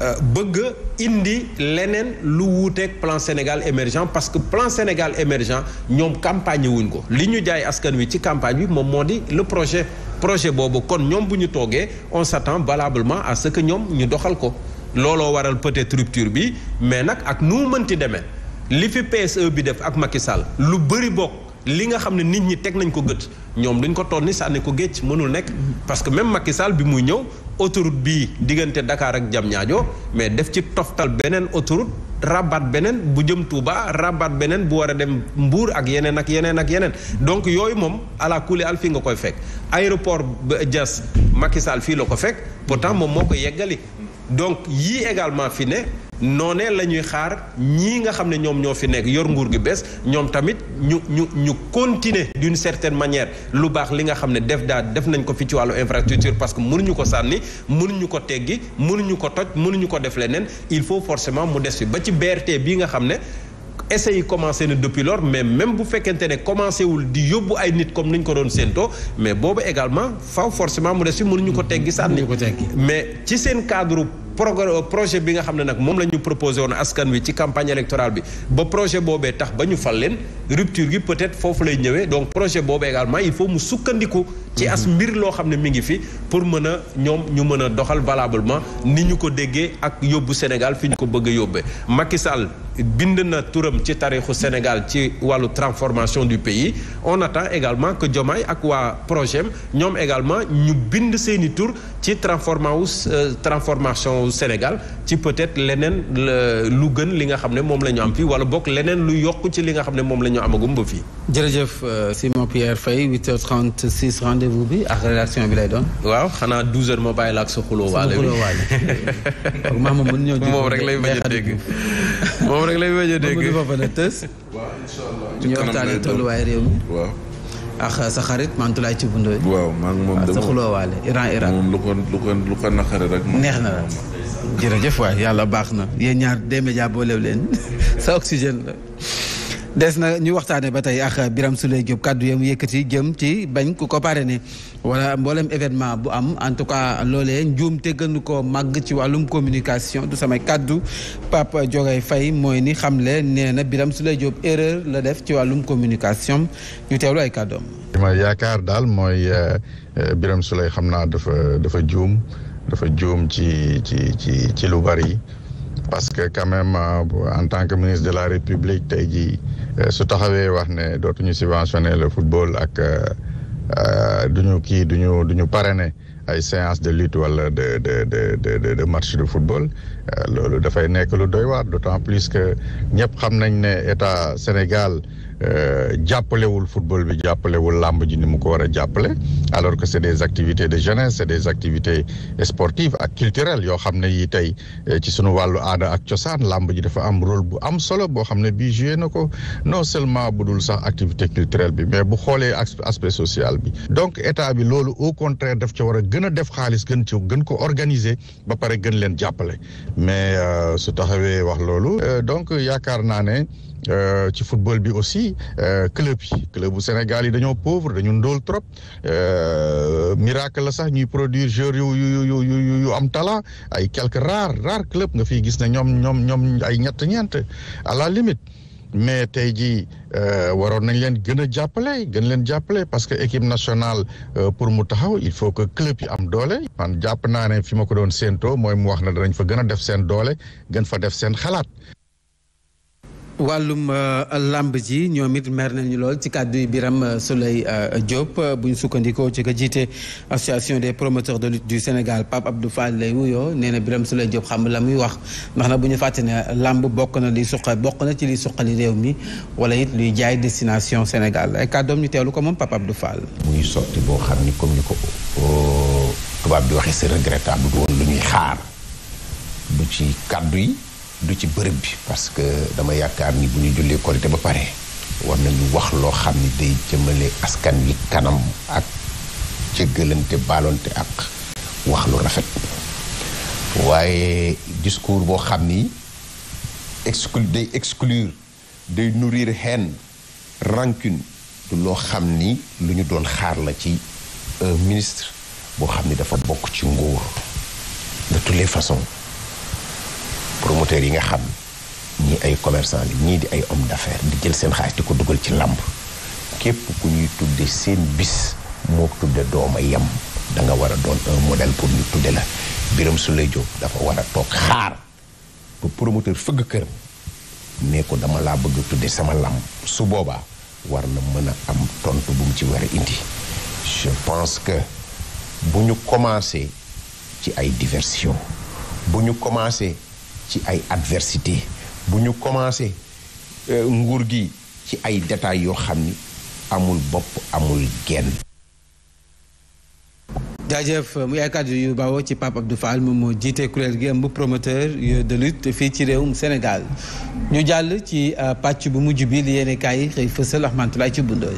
Euh, bëgg indi leneen lu wuuteeg plan Sénégal émergent parce que plan Sénégal émergent ñoom campagne wuñ ko li ñu jaay askan wi ci campagne bi moom moo di le projet projet boobu kon ñoom bu ñu toogee on s'attend valablement à ce que ñoom ñu doxal ko looloo waral peut-être rupture bi mais nag ak nu mënti demee li fi PSE bi def ak Macky Sall lu bëri bokk li nga xam ne nit ñi teg nañ ko gët ñoom duñ ko tonni sànni ko géej mënul nekk parce que même Macky Sall bi muy ñëw autoroute bii diggante Dakar ak jam Diamniadio mais def ci toftal beneen autoroute rabat beneen bu jëm Touba rabat beneen bu war a dem Mbour ak yeneen ak yeneen ak yeneen donc yooyu moom ala kuli al fii nga koy fekk aéroport ba Macky Sall fii la ko fekk pourtant moom moo ko yeggali donc yii également fi ne noonee la ñuy xaar ñii nga xam ne ñoom ñoo fi nekk yor nguur gi bees ñoom tamit ñu ñu ñu continuer d'une certaine manière lu baax li nga xam ne def daal def nañ ko fi ci wàllu infrastructure parce que mënuñu ko sànni mënuñu ko teggi mënuñu ko toj mënuñu ko def leneen il faut forcément mu des fi ba ci BRT bii nga xam ne essais yi commencé na depuis mais même bu fekkente ne commencé wul di yóbbu ay nit comme ni ko doon séentoo mais boobu également faw forcement mu des fi mënuñu ko teggi sànni mais ci seen cadre projet bi nga xam ne nag moom la ñu proposé woon askan wi ci campagne électorale bi ba projet boobee tax ba ñu fal leen rupture gi peut-être foofu lay ñëwee donc projet boobee également il faut mu sukkandiku. ci mhm. as mbir loo xam ne mi ngi fi pour mën a ñoom ñu mën a doxal valablement ni ñu ko déggee ak yóbbu Sénégal fi ñu ko bëgg yóbbee Macky Sall bind na turam ci tarixu Sénégal ci wàllu transformation du pays on attend également que Diomaye ak waa projet ñoom également ñu bind seeni tur ci euh, transformation transformation wu Sénégal ci peut-être leneen lu gën li nga xam ne moom la ñu am fii wala bokk leneen lu yokk ci li nga xam ne moom la ñu amagum ba fii. jërëjëf euh, Simon Pierre Faye 8h36 rendez-vous bi ak rédaction bi lay doon. waaw xanaa 12h ma bàyyi la ak sa xuloo waale. sa xuloo waale moom [laughs] mën ñëw lay bañ a dégg [laughs] moom rek lay bañ a dégg. moom du bopp tës. [laughs] waaw incha allah ñu waxtaanee tolluwaay réew waaw. ak sa xarit Mantoulaye Thioub Ndoye. waaw maa moom dama sa xuloowaale Iran Irak. moom lu ko lu ko lu ko naqare rek. neex na la. jërëjëf waay yàlla baax na yéen ñaar D-Média boolew leen [laughs] sa oxygène la. des na ñu waxtaanee ba tey ak Birame Souleye Diop kàddu yam yëkkati jëm ci bañ ku ko pare parrainé wala mboolem événement bu am en tout cas loolee njuum te gën koo màgg ci wàllum communication du samay kàddu Pape Diogay Faye mooy ni xam xamle nee na Birame lay Diop erreur la def ci wàllum communication ñu teewlu ay kàddoom. ma yaakaar daal mooy euh, euh, Birame Souleye xam naa dafa dafa juum. dafa juum ci ci ci ci lu bari parce que quand même euh, en tant que ministre de la république tey jii euh, su taxawee wax ne dootuñu subventionner le football ak euh, duñu kii duñu pare ne ay séance de lutte wala de de de de de match de football loolu dafay nekk lu doy waar d'autant plus que ñëpp xam nañ ne état Sénégal. Euh, jàppalewul football bi jàppalewul làmb ji ni mu ko war a jàppale alors que c'est des activités de jeunesse c'est des activités sportives ak culturelles yoo xam ne yi tey euh, ci sunu wàllu aada ak cosaan làmb ji dafa am rôle bu am solo boo xam ne bii joué na ko non seulement bu dul sax activité culturelle bi mais bu xoolee aspect social bi donc état bi loolu au contraire daf ca war a gën a def xaalis gën ci gën ko organiser ba pare gën leen jàppale mais euh, su taxawee wax loolu donc yaakaar naa ne Euh, ci football bi aussi euh, club yi club bu Sénégal yi dañoo pauvre dañu ndóol trop euh, miracle la sax ñuy produit jeurs yu yu yu yu am tala ay quelques rares rares club nga fiy gis ne ñoom ñoom ñoom ay ñett ñeent à la limite mais tey jii waroon nañ leen gën a jàppale gën leen jàppale parce que équipe nationale pour mu taxaw il faut que club yi am doole man jàpp naa ne fi ma ko doon séentoo mooy mu wax ne danañ fa gën a def seen doole gën fa def seen xalaat wàllum euh, làmb ji ñoom it mer nañu lool ci kàddu yi Birame Souleye euh, Diop bu ñu sukkandikoo ci ko jiite association des promoteurs de lutte du Sénégal Pape Abdou Fall lay wuyoo nee na Birame Souleye Diop xam la muy wax ndax na bu ñu fàtte ne làmb bokk na liy suqal bokk na ci liy suqali réew mi wala it luy jaay destination Sénégal ay kàddoom ñu teewlu ko moom Pape Abdou Fall. muy sotti boo xam ni comme ni ko euh, tubaab di waxee c'est regrettable du woon lu ñuy xaar du ci yi. du ci bërëb bi parce que dama yaakaar ni bu ñu jullee korité ba pare war nañu wax loo xam ni day jëmale askan wi kanam ak jéggalante balonte ak wax lu rafet waaye discours boo xam ni exclu day exclure day nourrir haine rancune du loo xam ni lu ñu doon xaar la ci euh, ministre boo xam ni dafa bokk ci nguur de toutes les façons promoteurs yi nga xam ñi ay commerçant li ñii di ay homme d'affaires di jël seen xaalis di ko dugal ci làmb képp ku ñuy tudde seen bis moo tudde dooma yem danga nga war a doon un modèle pour ñu tudde la Birame Souleye Diop dafa war a toog xaar ba promoteur fëgg këram ne ko dama laa bëgg tudde sama làmb su boobaa war na mën a am tontu bu mu ci war a indi je pense que bu ñu commencé ci ay diversion bu ñu commencé ci ay adversité bu ñu commencé euh, nguur gi ci ay détails yoo xam ni amul bopp amul genn jaajëf muy ay kàddu yu bawoo ci Pape Abdou Fall moom moo jiite kuréel gi ëmb promoteur de lutte fii ci réewum Sénégal ñu jàll ci euh, pàcc bu mujj bi li yéene kaay xëy fësal Ahmantulaay ci bundoo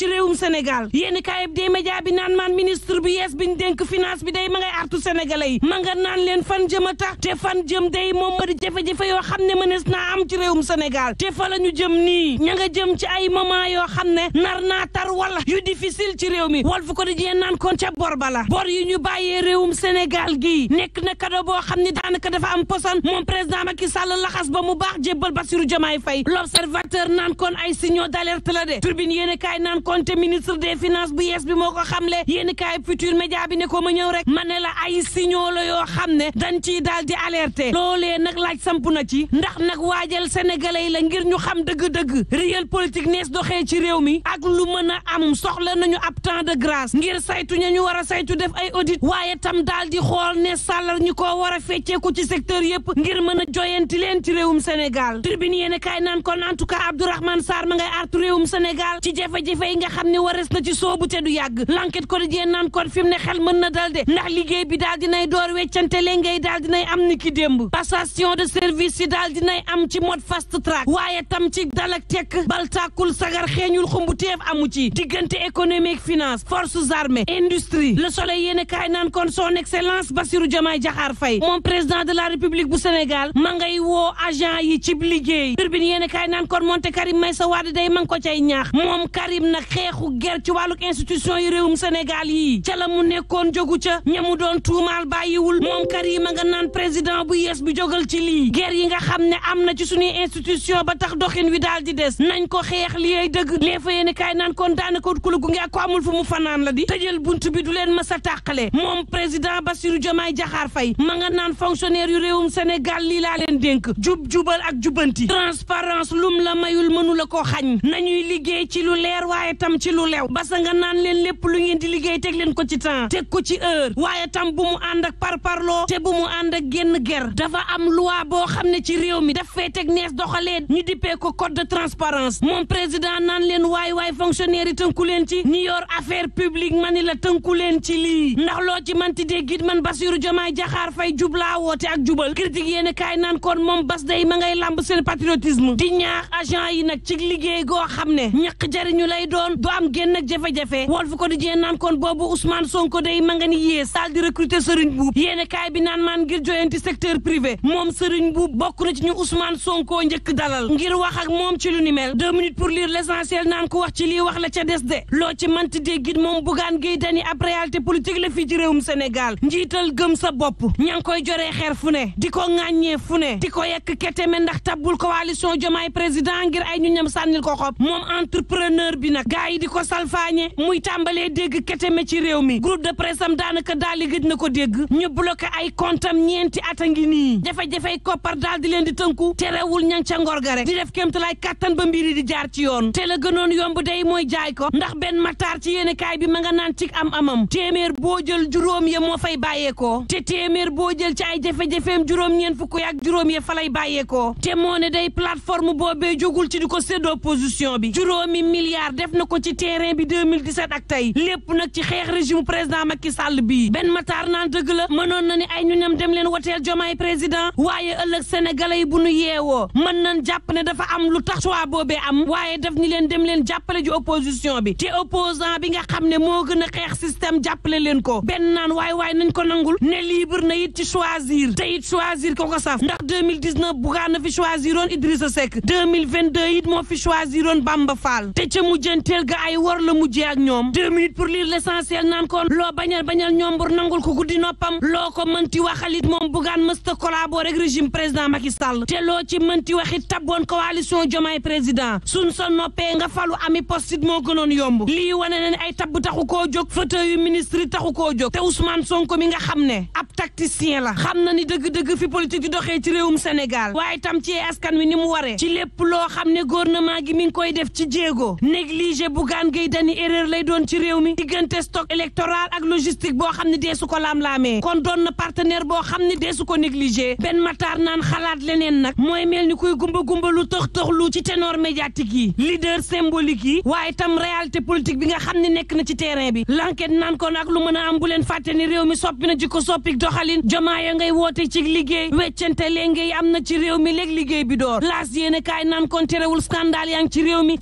ci réewum Sénégal yéeni kaay bi dee média bi naan maan ministre bi yees biñ dénk finance bi day ma ngay artu sénégalais yi ma nga naan leen fan jëm a tax te fan jëm day moom ma di jafe-jafe yoo xam ne mënees naa am ci réewum Sénégal te la ñu jëm nii ña nga jëm ci ay moment yoo xam ne nar naa tar wala yu difficile ci réew mi Walf Quotidien naan kon ca bor ba la bor yi ñu bàyyee réewum Sénégal gii nekk na kado boo xam ne daanaka dafa am poson moom président ma Macky Sall laxas ba mu baax jébbal Bassirou Diomaye Faye l'observateur naan kon ay signaux d'alerte la naan konte ministre des finance bu yees bi moo ko xamle yéen kaay futur média bi ne ko ma ñëw rek ma ne la ay signaux la yoo xam ne dañ ciy daal di alerter loolee nag laaj samp na ci ndax nag waajal sénégalais yi la ngir ñu xam dëgg-dëgg réel politique nees doxee ci réew mi ak lu mën a am soxla nañu ab temps de grâce ngir saytu ña ñu war a saytu def ay audit waaye tam daal di xool ne sàllar ñu ko war a fecceeku ci secteur yëpp ngir mën a joyanti leen ci réewum Sénégal tribune yéen kaay naan kon en tout cas Abdourahmane Sarr ngay artu réewum Sénégal ci jafe-jafe nga xam ne warees na ci soobu te du yàgg l'enquête quotidien naan kon fi mu ne xel mën na dal ndax liggéey bi daal dinay door weccante le ngay daal dinay am ni ki démb passation de service yi daal dinay am ci mode fast track waaye tam ci dal ak tekk bal tàkkul sagar xeeñul xumbu teef amu ci diggante économique finance forces armées industrie le soleil yéene kaay naan kon son excellence Bassirou Diomaye Diakhar Faye moom président de la république bu Sénégal ma ngay woo agent yi cib liggéey turbine yéene kaay naan kon moonte Karim Meïssa Wade day ma ngi ko cay ñaax moom Karim nag xeexu ger ci wàlluk institution yu réewum Sénégal yi ca la mu nekkoon jógu ca ñamu doon tuumaal bàyyiwul moom yi a nga naan président bu yées bi jógal ci lii ger yi nga xam ne am na ci suñuy institution ba tax doxin wi daal di des nañ ko xeex li ay dëgg lee fa yéene kaay naan kon daanaka ku la gunge ak ko amul fu mu fanaan la di tëjal bunt bi du leen mës a tàqale moom président Bassirou Diomaye Diakhar Faye ma nga naan fonctionnaire yu réewum Sénégal lii laa leen dénk jub jubal ak jubanti transparence lum la mayul mënu la ko xañ nañuy liggéey ci lu leer waaye waaye tam ci lu lew basa nga naan leen lépp lu ngeen di liggéey teg leen ko ci temps teg ko ci heure waaye tam bu mu ànd ak par parparloo te bu mu ànd ak génn ger dafa am loi boo xam ne ci réew mi daf fee teg nees doxalee ñu dippee ko code de transparence moom président naan leen waaye waay fonctionnaire yi tënku leen ci ni yor affaire publique mani la tënku leen ci lii ndax loo ci man manti déggit man Bassirou Diomaye Diakhar Faye jublaa woote ak jubal critique yéen kaay naan kon moom bas day ngay làmb seen patriotisme di ñaax agent yi nag ci liggéey goo xam ne ñaq yoon du am génn ak jafe ko di Quotidien naan kon boobu Ousmane Sonko day ma nga ni yee saal di recruter Serigne Boub yéene kaay bi naan man ngir joyanti secteur privé moom Serigne Boub bokk na ci ñu Ousmane Sonko njëkk dalal ngir wax ak moom ci lu ni mel deux minutes pour lire l'essentiel naan ko wax ci li wax la ca des de loo ci manti déggit moom Bougane Gueye Dany ab réalité politique la fii ci réewum Sénégal njiital gëm sa bopp ña ngi koy joree xeer fu ne di ko ŋàññee fu ne di ko yekk keteme ndax tabbul coalition Diomaye président ngir ay ñu ñam sànnil ko xob moom entrepreneur bi nag gaa yi di ko salfaañe muy tàmbalee dégg keteme ci réew mi groupe de presse am daanaka daal di gëj na ko dégg ñu bloqué ay comptam ñeenti at a ngi nii jafe-jafey koppar daal di leen di tënku terewul ñang ca ngor ga rek di def kéemtalaay kàttan ba mbiri di jaar ci yoon te la gënoon yomb day mooy jaay ko ndax benn mataar ci yéene kaay bi ma nga naan ci am amam téeméer boo jël juróom ya moo fay bàyyeekoo te téeméer boo jël ci ay jafe-jafeem juróom ñeen fukk ak juróom fa lay bàyyeekoo te moo ne day plateforme boobee jógul ci di ko séddoo opposition bi juróomi milliard na ko ci terrain bi 2017 ak tey lépp nag ci xeex régime président Macky Sall bii benn mataar naan dëgg la mënoon na ni ay ñu ñam dem leen woteel jomaay président waaye ëllëg sénégalais yi bu nu yeewoo mën nañ jàpp ne dafa am lu tax choix boobee am waaye daf ni leen dem leen jàppale ji opposition bi te opposant bi nga xam ne moo gën a xeex système jàppale leen ko benn naan waay waay nañ ko nangul ne libre na it ci choisir te it choisir ko ko saf ndax 2019 bugaan na fi it moo fi choisiroon Bamba Fall te butéel ga ay war la mujjee ak ñoom deux pour lire l'essentiel naan ko loo bañal bañal ñoom bur nangul ko guddi noppam loo ko mënti waxalit moom bugaan mësta collaboré ak régime président Macky Sall te loo ci mënti waxit tabboon coalition Diomaye président suñ sa noppee nga falu ami postit moo gënoon yomb lii wane na ne ay tabb taxu koo jóg fauteuil yu ministre taxu koo jóg te Ousmane Sonko mi nga xam ne ab tacticien la xam na ni dëgg-dëgg fi politique di doxee ci réewum Sénégal waaye tam ci askan wi ni mu waree ci lépp loo xam ne gouvernement gi mi ngi koy def ci jéego projet Bougane Gueye Dany lay doon ci réew mi diggante stock électoral ak logistique boo xam ne dee su ko laam-laamee kon doon na partenaire boo xam ne dee su ko négligé benn mataar naan xalaat leneen nag mooy mel ni kuy gumba gumba lu tëx tëx lu ci ténor médiatique yi leader symbolique yi waaye tam réalité politique bi nga xam ne nekk na ci terrain bi l'enquête naan kon ak lu mën a am bu leen fàtte ni réew mi soppi na jikko soppi doxalin jomaaya ngay woote ci liggéey weccante léeg-léeg am na ci réew mi léeg liggéey bi door laas yéene kaay naan kon terewul scandale yaa ci réew mi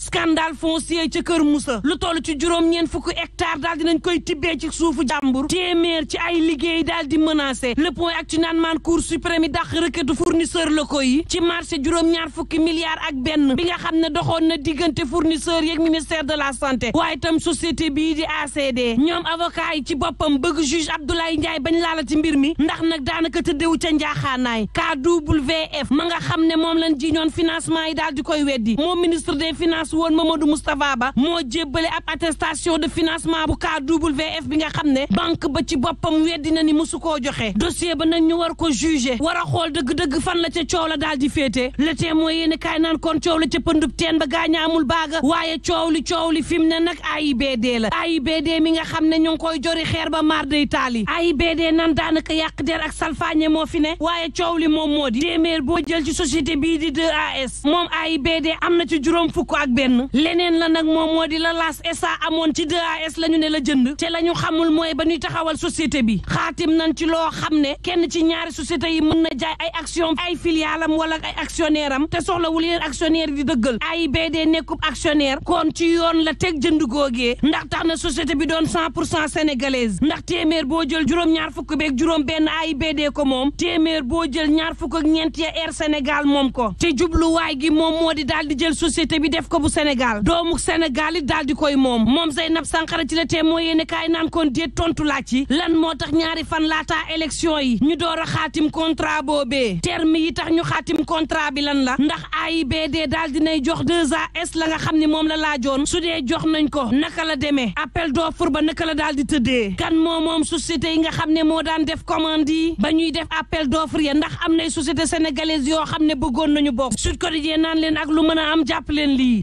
Kër Moussa lu toll ci juróom-ñeent fukki hectare daal dinañ koy tibbee ci suufu jàmbur téeméer ci ay liggéey daal di menacé le ak ci naan maan cour suprême yi dàq requête fournisseur locaux yi ci marché juróom-ñaar fukki milliards ak benn bi nga xam ne doxoon na diggante fournisseur yeeg ministère de la santé waaye itam société bii di ACD ñoom avocat yi ci boppam bëgg juge Abdoulaye Ndiaye bañ laala ci mbir mi ndax nag daanaka tëddewu ca njaaxaanaay KWF ma nga xam ne moom lañ jiñoon financement yi daal di koy weddi moom ministre des finances woon Mamadou Moustapha Ba moo jébbale ab attestation de financement bu KWF bi nga xam ne banque ba ci boppam weddi na ni mosu koo joxe dossier ba nag ñu war ko jugé wara xool dëgg-dëgg fan la ca coow la daal di féete le témoin yéen kaay naan kon coow la ca pëndub teen ba gaaña baaga waaye coow li coow li fi mu ne nag AIBD la AIBD mi nga xam ne ñu ngi koy jori xeer ba maar day taali AIBD nan daanaka yàq der ak salfaañe moo fi ne waaye coow li moom moo di téeméer boo jël ci société bii di 2 moom AIBD am na ci juróom fukk ak benn leneen la moom moo di la laas SA amoon ci DAS la ñu ne la jënd te la ñu xamul mooy ba ñuy taxawal société bi xaatim nañ ci loo xam ne kenn ci ñaari société yi mën na jaay ay action ay filiale am wala ay actionnaire am te soxlawul yéen actionnaire di dëggal AIBD nekkub actionnaire kon ci yoon la teg jënd googee ndax tax na société bi doon cent pour cent sénégalaise ndax téeméer boo jël juróom-ñaar fukk beeg juróom benn AIBD ko moom téeméer boo jël ñaar fukk ak ñeent ya Air Sénégal moom ko te jubluwaay gi moom moo di daal di jël société bi def ko bu Sénégal Sénégal it koy moom moom Zeynab Sankara ci la tee moo yéene kaay naan kon déet tontu laaj yi lan moo tax ñaari fan laataa élection yi ñu door a xaatim contrat boobee terme yi tax ñu xaatim contrat bi lan la ndax AIBD daal dinay jox 2AS la nga xam ni moom la laajoon su dee jox nañ ko naka la demee appel d'offre ba naka la daal di tëddee kan moo moom société yi nga xam ne moo daan def commande yi ba ñuy def appel d'offre ya ndax am nay société sénégalaise yoo xam ne bëggoon nañu bokk Sud Quotidien naan leen lu am jàpp leen lii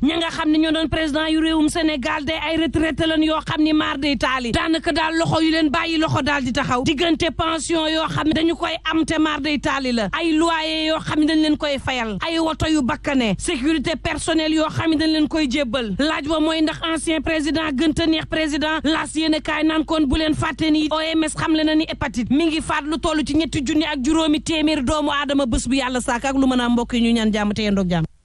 taxawaayu réewum Sénégal day ay retraité lan yoo xam ni maar day taali daanaka daal loxo yu leen bàyyi loxo daal di taxaw gënte pension yoo xam ne dañu koy am te maar taali la ay loyer yoo xam ne dañ leen koy fayal ay woto yu bakkane sécurité personnelle yoo xam ne dañ leen koy jébbal laaj ba mooy ndax ancien président gënta neex président las yéen kaay naan kon bu leen fàtte ni OMS xamle na ni hépatite mi ngi faat lu toll ci ñetti junni ak juróomi téeméeri doomu aadama bés bu yàlla saak ak lu mën a mbokk yi ñaan jàmm te